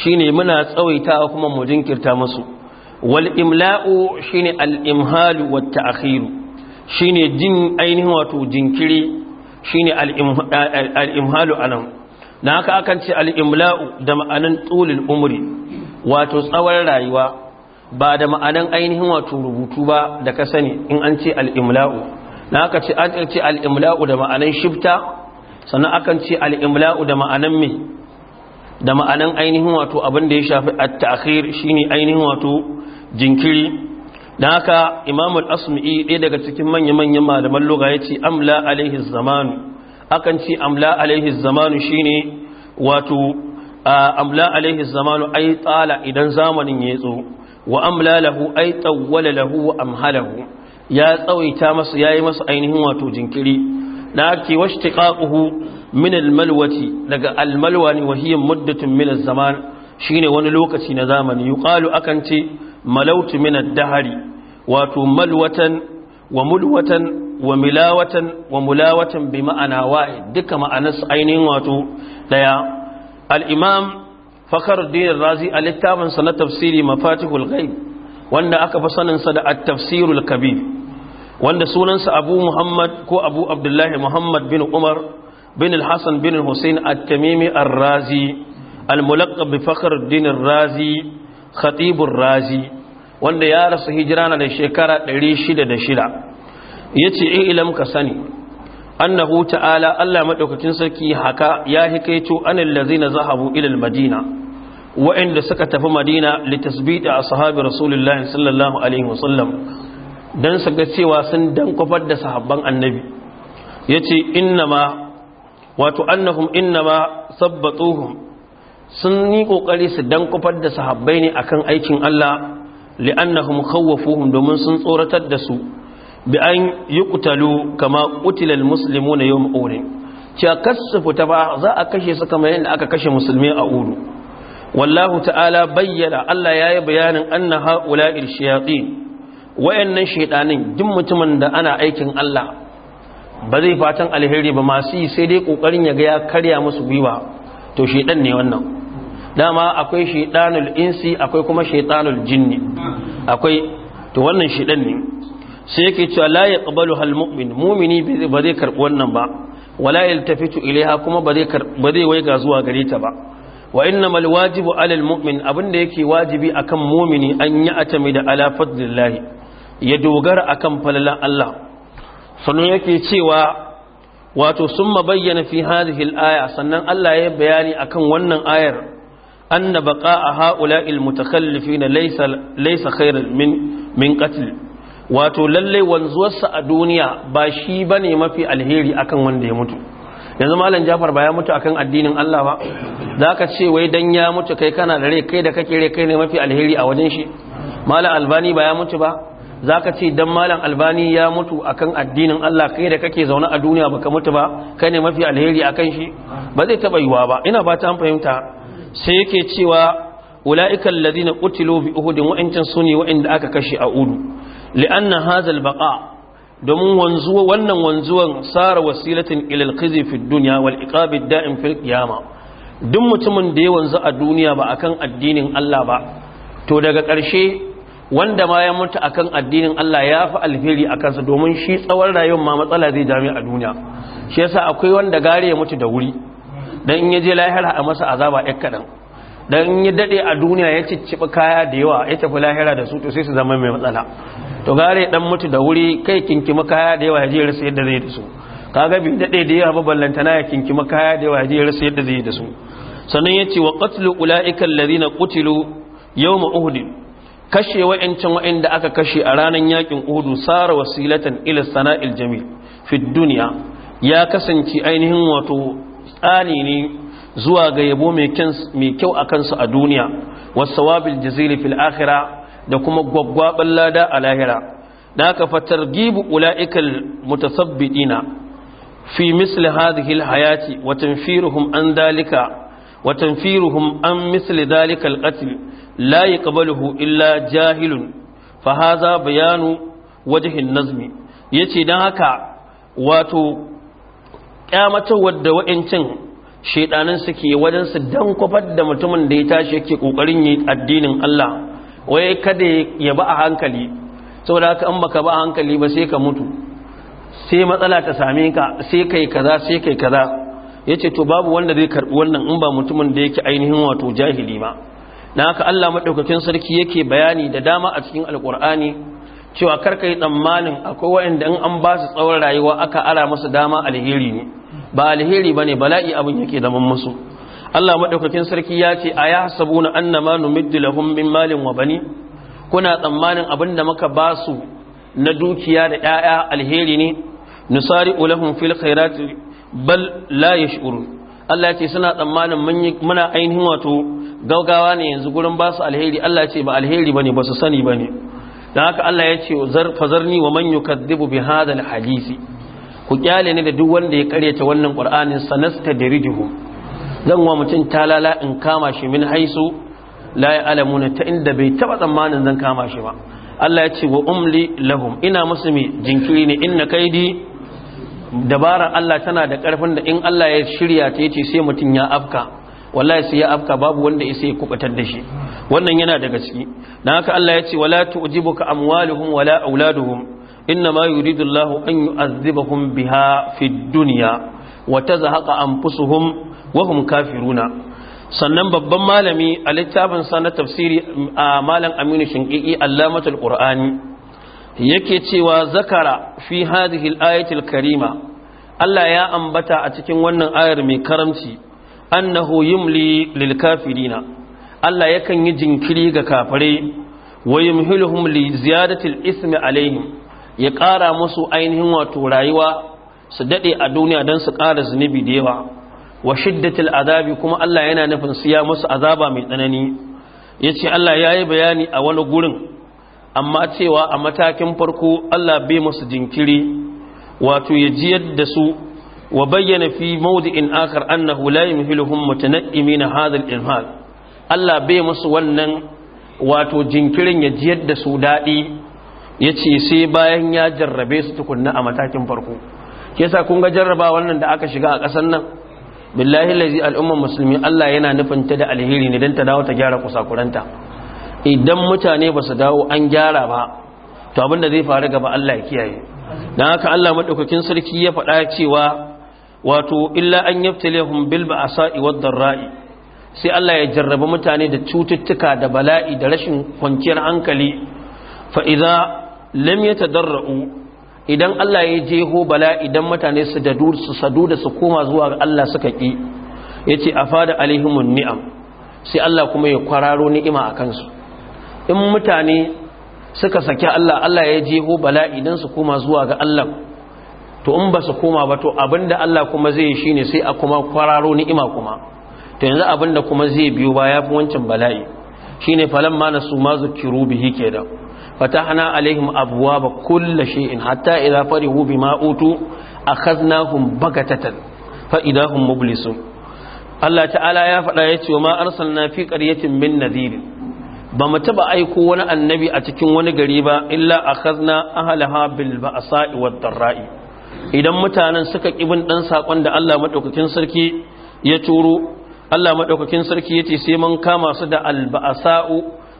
shine muna tsawaita kuma mu jinkirta musu wal imla'u shine al imhalu wat ta'khir shine jin ainihin wato jinkiri shine al imhalu anan naka akan ce al imla'u da ma'anan tulul umri wato tsawon rayuwa ba da ma'anan ainihin wato rubutu ba da ka sani in an ce al'imla'u na aka ce an ce al'imla'u da ma'anan shifta sannan akan ce al'imla'u da ma'anan me da ma'anan ainihin wato abin da ya shafi at-ta'khir shine ainihin wato jinkiri Na haka Imam al ɗaya daga cikin manya-manyan malaman ya yace amla alaihi zamanu akan ce amla alaihi zamanu shine wato amla alaihi zamanu ai tsala idan zamanin ya tso. wa amla lahu ay tawwala lahu wa amhalahu ya tsawaita masa yayi masa ainihin wato jinkiri na ake washtiqaquhu min almalwati daga almalwani wa hiya muddatun min azzaman shine wani lokaci na zamani yuqalu akan ce malautu min addahari wato malwatan wa mulwatan wa milawatan wa mulawatan bi ma'ana wa'i duka ma'anarsu ainihin wato daya al-imam fakhruddin razi a littafin sa na tafsiri mafatihul ghaib wanda aka fi sanin sa da at-tafsirul kabir wanda sunansa abu muhammad ko abu abdullahi muhammad bin umar bin al-hasan bin al-husayn at-tamimi ar-razi al-mulaqab bi fakhruddin razi khatibur razi wanda ya rasu hijira na da shekara 606 yace eh, ilam ka sani annahu ta'ala Allah madaukakin sarki haka ya hikaito anil ladzina zahabu ila al-madina wa'inda suka tafi madina litasbita ashabi rasulullahi sallallahu alaihi wasallam dan su ga cewa sun dan kofar da sahabban annabi yace innama wato annahum innama sabbatuhum sun yi kokari su dan kofar da sahabbai ne akan aikin Allah li'annahum khawwafuhum domin sun tsoratar da su bi an yi kutalu kama kutilal musulmi na yau ma'urin cewa fita ba za a kashe su kamar yadda aka kashe musulmi a uru wallahu ta'ala bayyana allah ya yi bayanin an na haƙula irshiyaƙi wayannan shaidanin duk mutumin da ana aikin allah ba zai fatan alheri ba masu yi sai dai ƙoƙarin ya gaya karya musu gwiwa to shaidan ne wannan dama akwai shaidanul insi akwai kuma shaidanul jinni akwai to wannan shaidan ne sai yake cewa la yaqbalu hal mu'mini ba zai karbi wannan ba wala yaltafitu ilaiha kuma ba zai ba zai waiga zuwa gare ta ba wa innamal wajibu alal mu'min abinda yake wajibi akan mu'mini an a atami da ala fadlillah ya dogara akan falalan Allah sannan yake cewa wato ma bayyana fi hadhihi aya sannan Allah ya bayani akan wannan ayar anna a ha'ula'il mutakhallifin na laisa khairan min min wato lallai wanzuwarsa a duniya ba shi ba ne mafi alheri akan wanda ya mutu yanzu malam jafar ba ya mutu akan addinin Allah ba za ka ce wai dan ya mutu kai kana da rai kai da kake rai kai ne mafi alheri a wajen shi malam albani ba ya mutu ba za ka ce dan malam albani ya mutu akan addinin Allah kai da kake zaune a duniya baka mutu ba kai ne mafi alheri akan shi ba zai taba yiwa ba ina ba ta fahimta sai yake cewa ula'ikan ladina qutilu bi uhudin wa'ancan sune wa'anda aka kashe a udu li'anna hazal baqa domin wanzuwa wannan wanzuwan sara wasilatin ilal khizi fi dunya wal iqabi da'im fil qiyama duk mutumin da ya wanzu a duniya ba akan addinin Allah ba to daga ƙarshe wanda ma ya mutu akan addinin Allah ya fi alheri a kansa domin shi tsawon rayuwar ma matsala zai dami a duniya shi yasa akwai wanda gare ya mutu da wuri dan in ya je lahira a masa azaba ɗan kaɗan dan ya dade a duniya ya cicci kaya da yawa ya tafi lahira da su to sai su zama mai matsala to gare dan mutu da wuri kai kinkima kaya da yawa ya je rasa yadda zai da su ga bi dade da yawa na ya kinkima kaya da yawa ya je rasa yadda zai da su sannan ce wa qatlu ulaika alladhina qutilu yawma uhud kashe wa'ancan wa'anda aka kashe a ranar yakin uhud sara wasilatan ila sana'il jamil fi dunya ya kasance ainihin wato tsani ne zuwa ga yabo mai kyau a kansu a duniya wasawabil jazili fil akhira da kuma gwaggwaban lada a lahira da aka fatar gibu ula'ikal mutasabbidina fi misli hadhihi alhayati wa tanfiruhum an dalika watan tanfiruhum an misli dalika alqatl la yaqbaluhu illa jahilun fahaza bayanu wajhi nazmi yace dan haka wato kyamatar da wa'incin shedanin suke wajen su dan kwafar da mutumin da ya tashi yake kokarin yi addinin Allah waye kada ya ba a hankali saboda haka an baka ba a hankali ba sai ka mutu sai matsala ta same ka sai kai kaza sai kai kaza yace to babu wanda zai karbi wannan in ba mutumin da yake ainihin wato jahili ma dan haka Allah madaukakin sarki yake bayani da dama a cikin alqur'ani cewa karka yi tsammanin akwai wa'anda in an ba su tsawon rayuwa aka ara masa dama alheri ne ba alheri bane bala'i abin yake zaman musu Allah madaukakin sarki ya ce sabuna, annama numiddu lahum min malin wa bani kuna tsammanin abin da muka ba su na dukiya da 'ya'ya alheri ne nusari ulahum fil khairati bal la yash'urun Allah ce suna tsammanin muna ainihin wato gaugawa ne yanzu gurin ba su alheri Allah ce ba alheri bane ba su sani bane dan haka Allah ya ce fazarni wa man yukaddibu bi hadal hadisi ku kyale ne da duk wanda ya ta wannan qur'anin sanasta dirijuhu zan wa mutum talala in kama shi min haisu la ya'lamuna ta inda bai taba tsammanin zan kama shi ba Allah ya ce wa umli lahum ina musu jinkiri ne inna kaidi dabara Allah tana da karfin da in Allah ya shirya ta yace sai mutum ya afka wallahi sai ya afka babu wanda ya sai kubutar da shi wannan yana daga ciki dan haka Allah ya ce wala tu'jibuka amwaluhum wala auladuhum inna ma yuridu Allah an yu'adhibahum biha fid dunya wa tazhaqa anfusuhum kafiruna sannan babban malami a littafin sa na tafsiri a malam Aminu Shinqiqi Allamatul Qur'ani yake cewa zakara fi hadhihi al karima Allah ya ambata a cikin wannan ayar mai karamci annahu yumli lil kafirina Allah yakan yi jinkiri ga kafirai wa yumhiluhum li ziyadati al-ismi alaihim ya ƙara musu ainihin wato rayuwa su daɗe a duniya don su ƙara zunubi da yawa wa shiddatil azabi kuma Allah yana nufin su ya musu azaba mai tsanani ya ce Allah ya yi bayani a wani gurin amma cewa a matakin farko Allah bai musu jinkiri wato ya jiyar da su wa bayyana fi mawdi'in akhar annahu la yumhiluhum mutanaqimina hadha al-imhal Allah bai musu wannan wato jinkirin ya jiyar da su daɗi ya ce sai bayan ya jarrabe su tukunna a matakin farko ke sa kun ga jarraba wannan da aka shiga a kasan nan billahi lazi al'ummar musulmi Allah yana nufin ta da alheri ne don ta dawo ta gyara kusa-kuranta. idan mutane ba su dawo an gyara ba to abin da zai faru gaba Allah ya kiyaye don haka Allah maɗaukakin sarki ya faɗa cewa wato illa an bilba bil ba'sa'i wad ra'i sai Allah ya jarraba mutane da cututtuka da bala'i da rashin kwanciyar hankali fa lam yatadarra'u idan Allah ya jeho bala idan mutane su dadu su sadu da su koma zuwa ga Allah suka ki yace afada alaihimun ni'am sai Allah kuma ya kwararo ni'ima a kansu in mutane suka saki Allah Allah ya jeho bala idan su koma zuwa ga Allah to in ba su koma ba to abinda Allah kuma zai shi ne sai a kuma kwararo ni'ima kuma to yanzu abinda kuma zai biyo ba ya fi wancan bala'i shine falamma nasu ma zukiru bihi kenan fatahna alaihim abwaaba kulli shay'in hatta idza farihu bima utu akhadnahum bagatatan fa idahum Allah ta'ala ya faɗa yace ma arsalna fi qaryatin min nadhir ba mu taɓa aiko wani annabi a cikin wani gari ba illa akhadna ahlaha bil ba'sa'i wad dharra'i idan mutanen suka kibin ɗan sakon da Allah madaukakin sarki ya turo Allah madaukakin sarki ya ce sai mun kama su da al ba'sa'u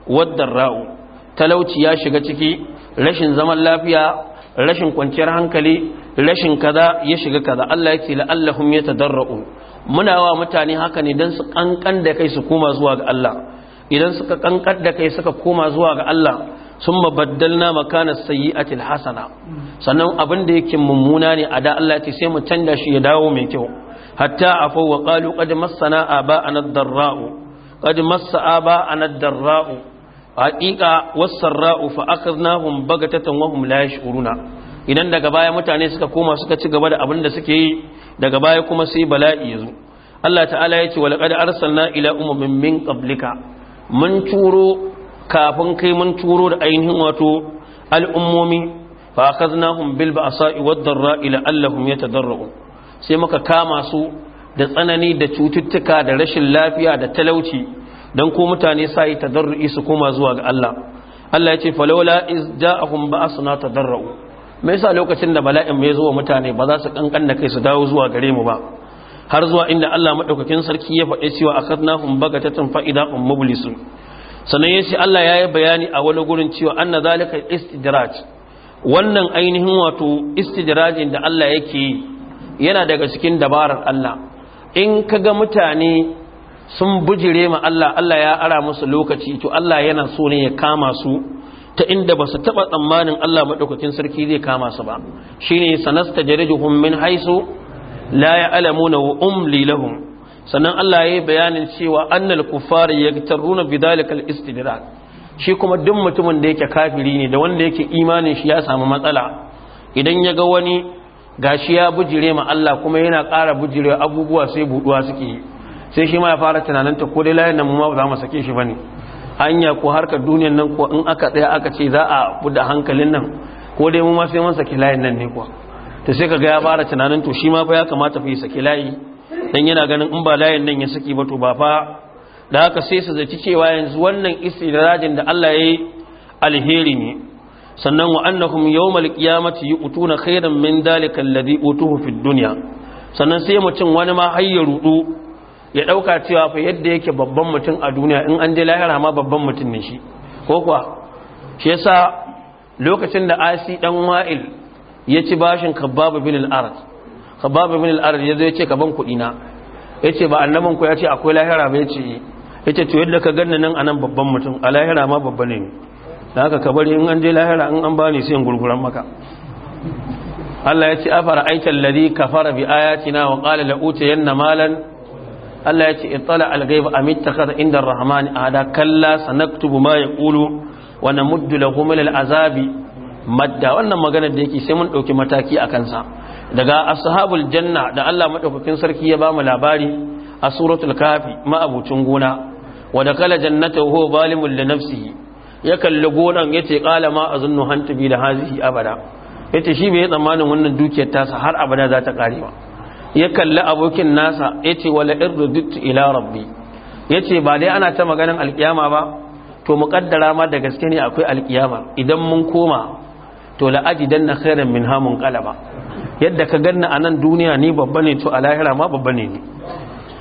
wad talauci ya shiga ciki rashin zaman lafiya rashin kwanciyar hankali rashin kaza ya shiga kaza Allah ya ce la'allahum yatadarra'u muna wa mutane haka ne dan su kankan da kai su koma zuwa ga Allah idan suka kankan da kai suka koma zuwa ga Allah sun mabaddalna makana sayyi'atil hasana sannan abin da yake mummuna ne a da Allah ya sai mu canja shi ya dawo mai kyau hatta afaw wa qalu qad massana aba'ana ad-darra'u qad massa aba'ana ad-darra'u haƙiƙa ra'u fa akhadnahum bagatatan wa hum la yash'uruna idan daga baya mutane suka koma suka ci gaba da abin da suke yi daga baya kuma sai bala'i yanzu. Allah ta'ala ya ce walaqad na ila umamin min qablika mun turo kafin kai mun turo da ainihin wato al'ummomi fa akhadnahum bil ba'sa'i wad ya ta yatadarra'un sai muka kama su da tsanani da cututtuka da rashin lafiya da talauci Don ko mutane sa sai tadarrui su koma zuwa ga Allah Allah ya ce falawla iz ja'ahum ba'asna tadarru me yasa lokacin da bala'in mai zuwa mutane ba za su kankan da kai su dawo zuwa gare mu ba har zuwa inda Allah madaukakin sarki ya faɗi cewa akadnahum bagatatan fa idahum mublisun sannan yace Allah ya yi bayani a wani gurin cewa anna zalika istidraj wannan ainihin wato istidrajin da Allah yake yi yana daga cikin dabarar Allah in kaga mutane sun bujire ma Allah Allah ya ara musu lokaci to Allah yana so ne ya kama su ta inda ba su taɓa tsammanin Allah maɗaukakin sarki zai kama su ba shi ne sanasta min haisu la ya alamu na umli lahum sannan Allah ya yi bayanin cewa annal kufari ya tarruna bidalikal istidrak shi kuma duk mutumin da yake kafiri ne da wanda yake imanin shi ya samu matsala idan ya ga wani gashi ya bujire ma Allah kuma yana ƙara bujire abubuwa sai buɗuwa suke yi sai shi ma ya fara tunanin ta ko dai layin nan mu ma ba za mu sake shi bane hanya ko harkar duniyar nan ko in aka tsaya aka ce za a buɗe hankalin nan ko dai mu ma sai mun sake layin nan ne kuwa to sai kaga ya fara tunanin to shi ma fa ya kamata fa ya sake layi dan yana ganin in ba layin nan ya saki ba to ba fa da haka sai su zaci cewa yanzu wannan istidrajin da Allah ya yi alheri ne sannan wa annahum yawmal qiyamati yu'tuna khayran min dalika alladhi utuhu fid dunya sannan sai mutum wani ma har ya rudu ya ɗauka cewa fa yadda yake babban mutum a duniya in an je lahira ma babban mutum ne shi ko kuwa shi yasa lokacin da asi dan wa'il ya ci bashin kababu bin al-arad kabbabu bin al ya zo ya ce ka ban kuɗi na Ya ce ba annaban ku ya ce akwai lahira ba ya Ya ce to yadda ka ganna nan anan babban mutum a lahira ma babba ne da haka ka bari in an je lahira in an bani sai in gurguran maka Allah ya ce afara aital ladhi kafara bi ayatina wa qala la utayanna malan Allah ya ce in al algaiba mita ittakhadha inda ar a ahada kalla sanaktubu ma yaqulu wa namuddu lahu min al-azabi madda wannan maganar da yake sai mun ɗauki mataki a kansa. daga ashabul janna da Allah maɗaukakin sarki ya ba mu labari a suratul kafi ma'abucin gona wa kala jannata ho da da nafsihi ya kalli gonan yace kala ma a azunnu hantabi da hazihi abada yace shi bai tsammanin wannan dukiyar tasa har abada za ta ba. ya kalli abokin nasa ya ce wala irruditu ila rabbi ya ce ba dai ana ta maganin alkiyama ba to muƙaddara ma da gaske ne akwai alkiyama idan mun koma to la'ajidan na khairan min hamun ba yadda ka ganna a nan duniya ni babba ne to a lahira ma babba ne ni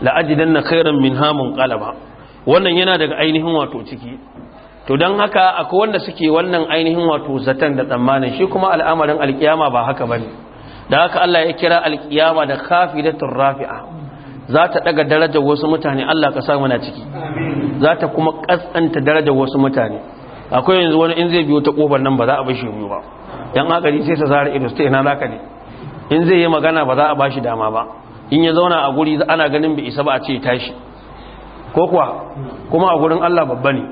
la'ajidan na khairan min hamun ba wannan yana daga ainihin wato ciki to don haka akwai wanda suke wannan ainihin wato zaton da tsammanin shi kuma al'amarin alkiyama ba haka ba ne da haka Allah ya kira alkiyama da khafidatur rafi'a za ta daga darajar wasu mutane Allah ka sa mana ciki za ta kuma kasanta darajar wasu mutane akwai yanzu wani in zai biyo ta kofar nan ba za a bashi mu ba dan hakari sai sa zara ido sai ina zaka ne in zai yi magana ba za a bashi dama ba in ya zauna a guri ana ganin bai isa ba a ce tashi ko kuwa kuma a gurin Allah babba ne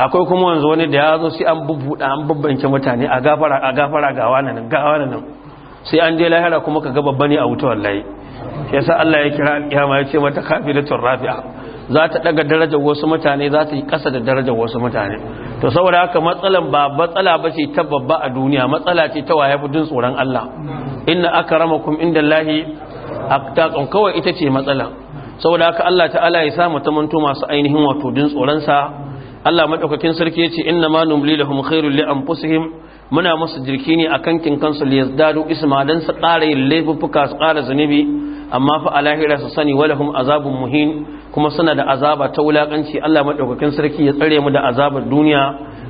akwai kuma wanzu wani da ya zo sai an bubbuda an babbanke mutane a gafara a gafara ga wannan ga wannan nan sai an je lahira kuma ka ga babba ne a wuta wallahi yasa Allah ya kira alƙiyama ya ce mata kafiratun rafi'a za ta daga darajar wasu mutane za ta yi kasa da darajar wasu mutane to saboda haka matsalan ba matsala ba ce ta babba a duniya matsala ce ta waye budin tsoron Allah inna akramakum indallahi attaqun kawai ita ce matsala saboda haka Allah ta'ala ya sa ta manta masu ainihin wato din tsoron sa Allah madaukakin sarki ya ce inna ma numli lahum khairul li anfusihim muna musu jirki ne a kankin kansu li isma dan su ƙara yin laifuka su ƙara zunubi amma fa alahira su sani walahum azabun muhin kuma suna da azaba ta wulakanci Allah maɗaukakin sarki ya tsare mu da azabar duniya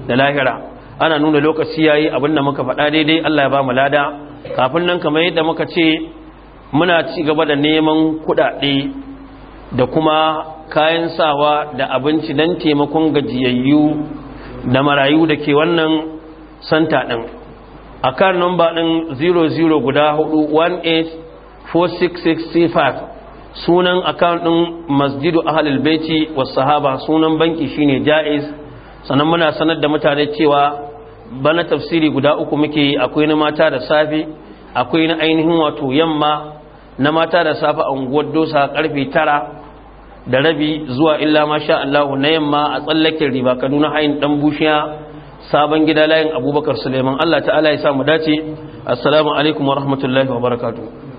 da lahira ana nuna lokaci yayi abin da muka faɗa daidai Allah ya ba mu lada kafin nan kamar yadda muka ce muna ci gaba da neman kuɗaɗe da kuma kayan sawa da abinci don taimakon gajiyayyu da marayu da ke wannan santa ɗin a kan nomba ɗin 00 guda 4184665 sunan account ɗin masjidu ahalul baiti wa sahaba sunan banki shine jaiz sannan muna sanar da mutane cewa bana tafsiri guda uku muke akwai na mata da safi akwai na ainihin wato yamma na mata da safi a unguwar dosa karfe tara da rabi zuwa illa masha Allah na yamma a tsallaken riba Kaduna hayin dan bushiya sabon gida layin abubakar suleiman allah ta'ala ya samu dace assalamu alaikum wa rahmatullahi wa barakatuh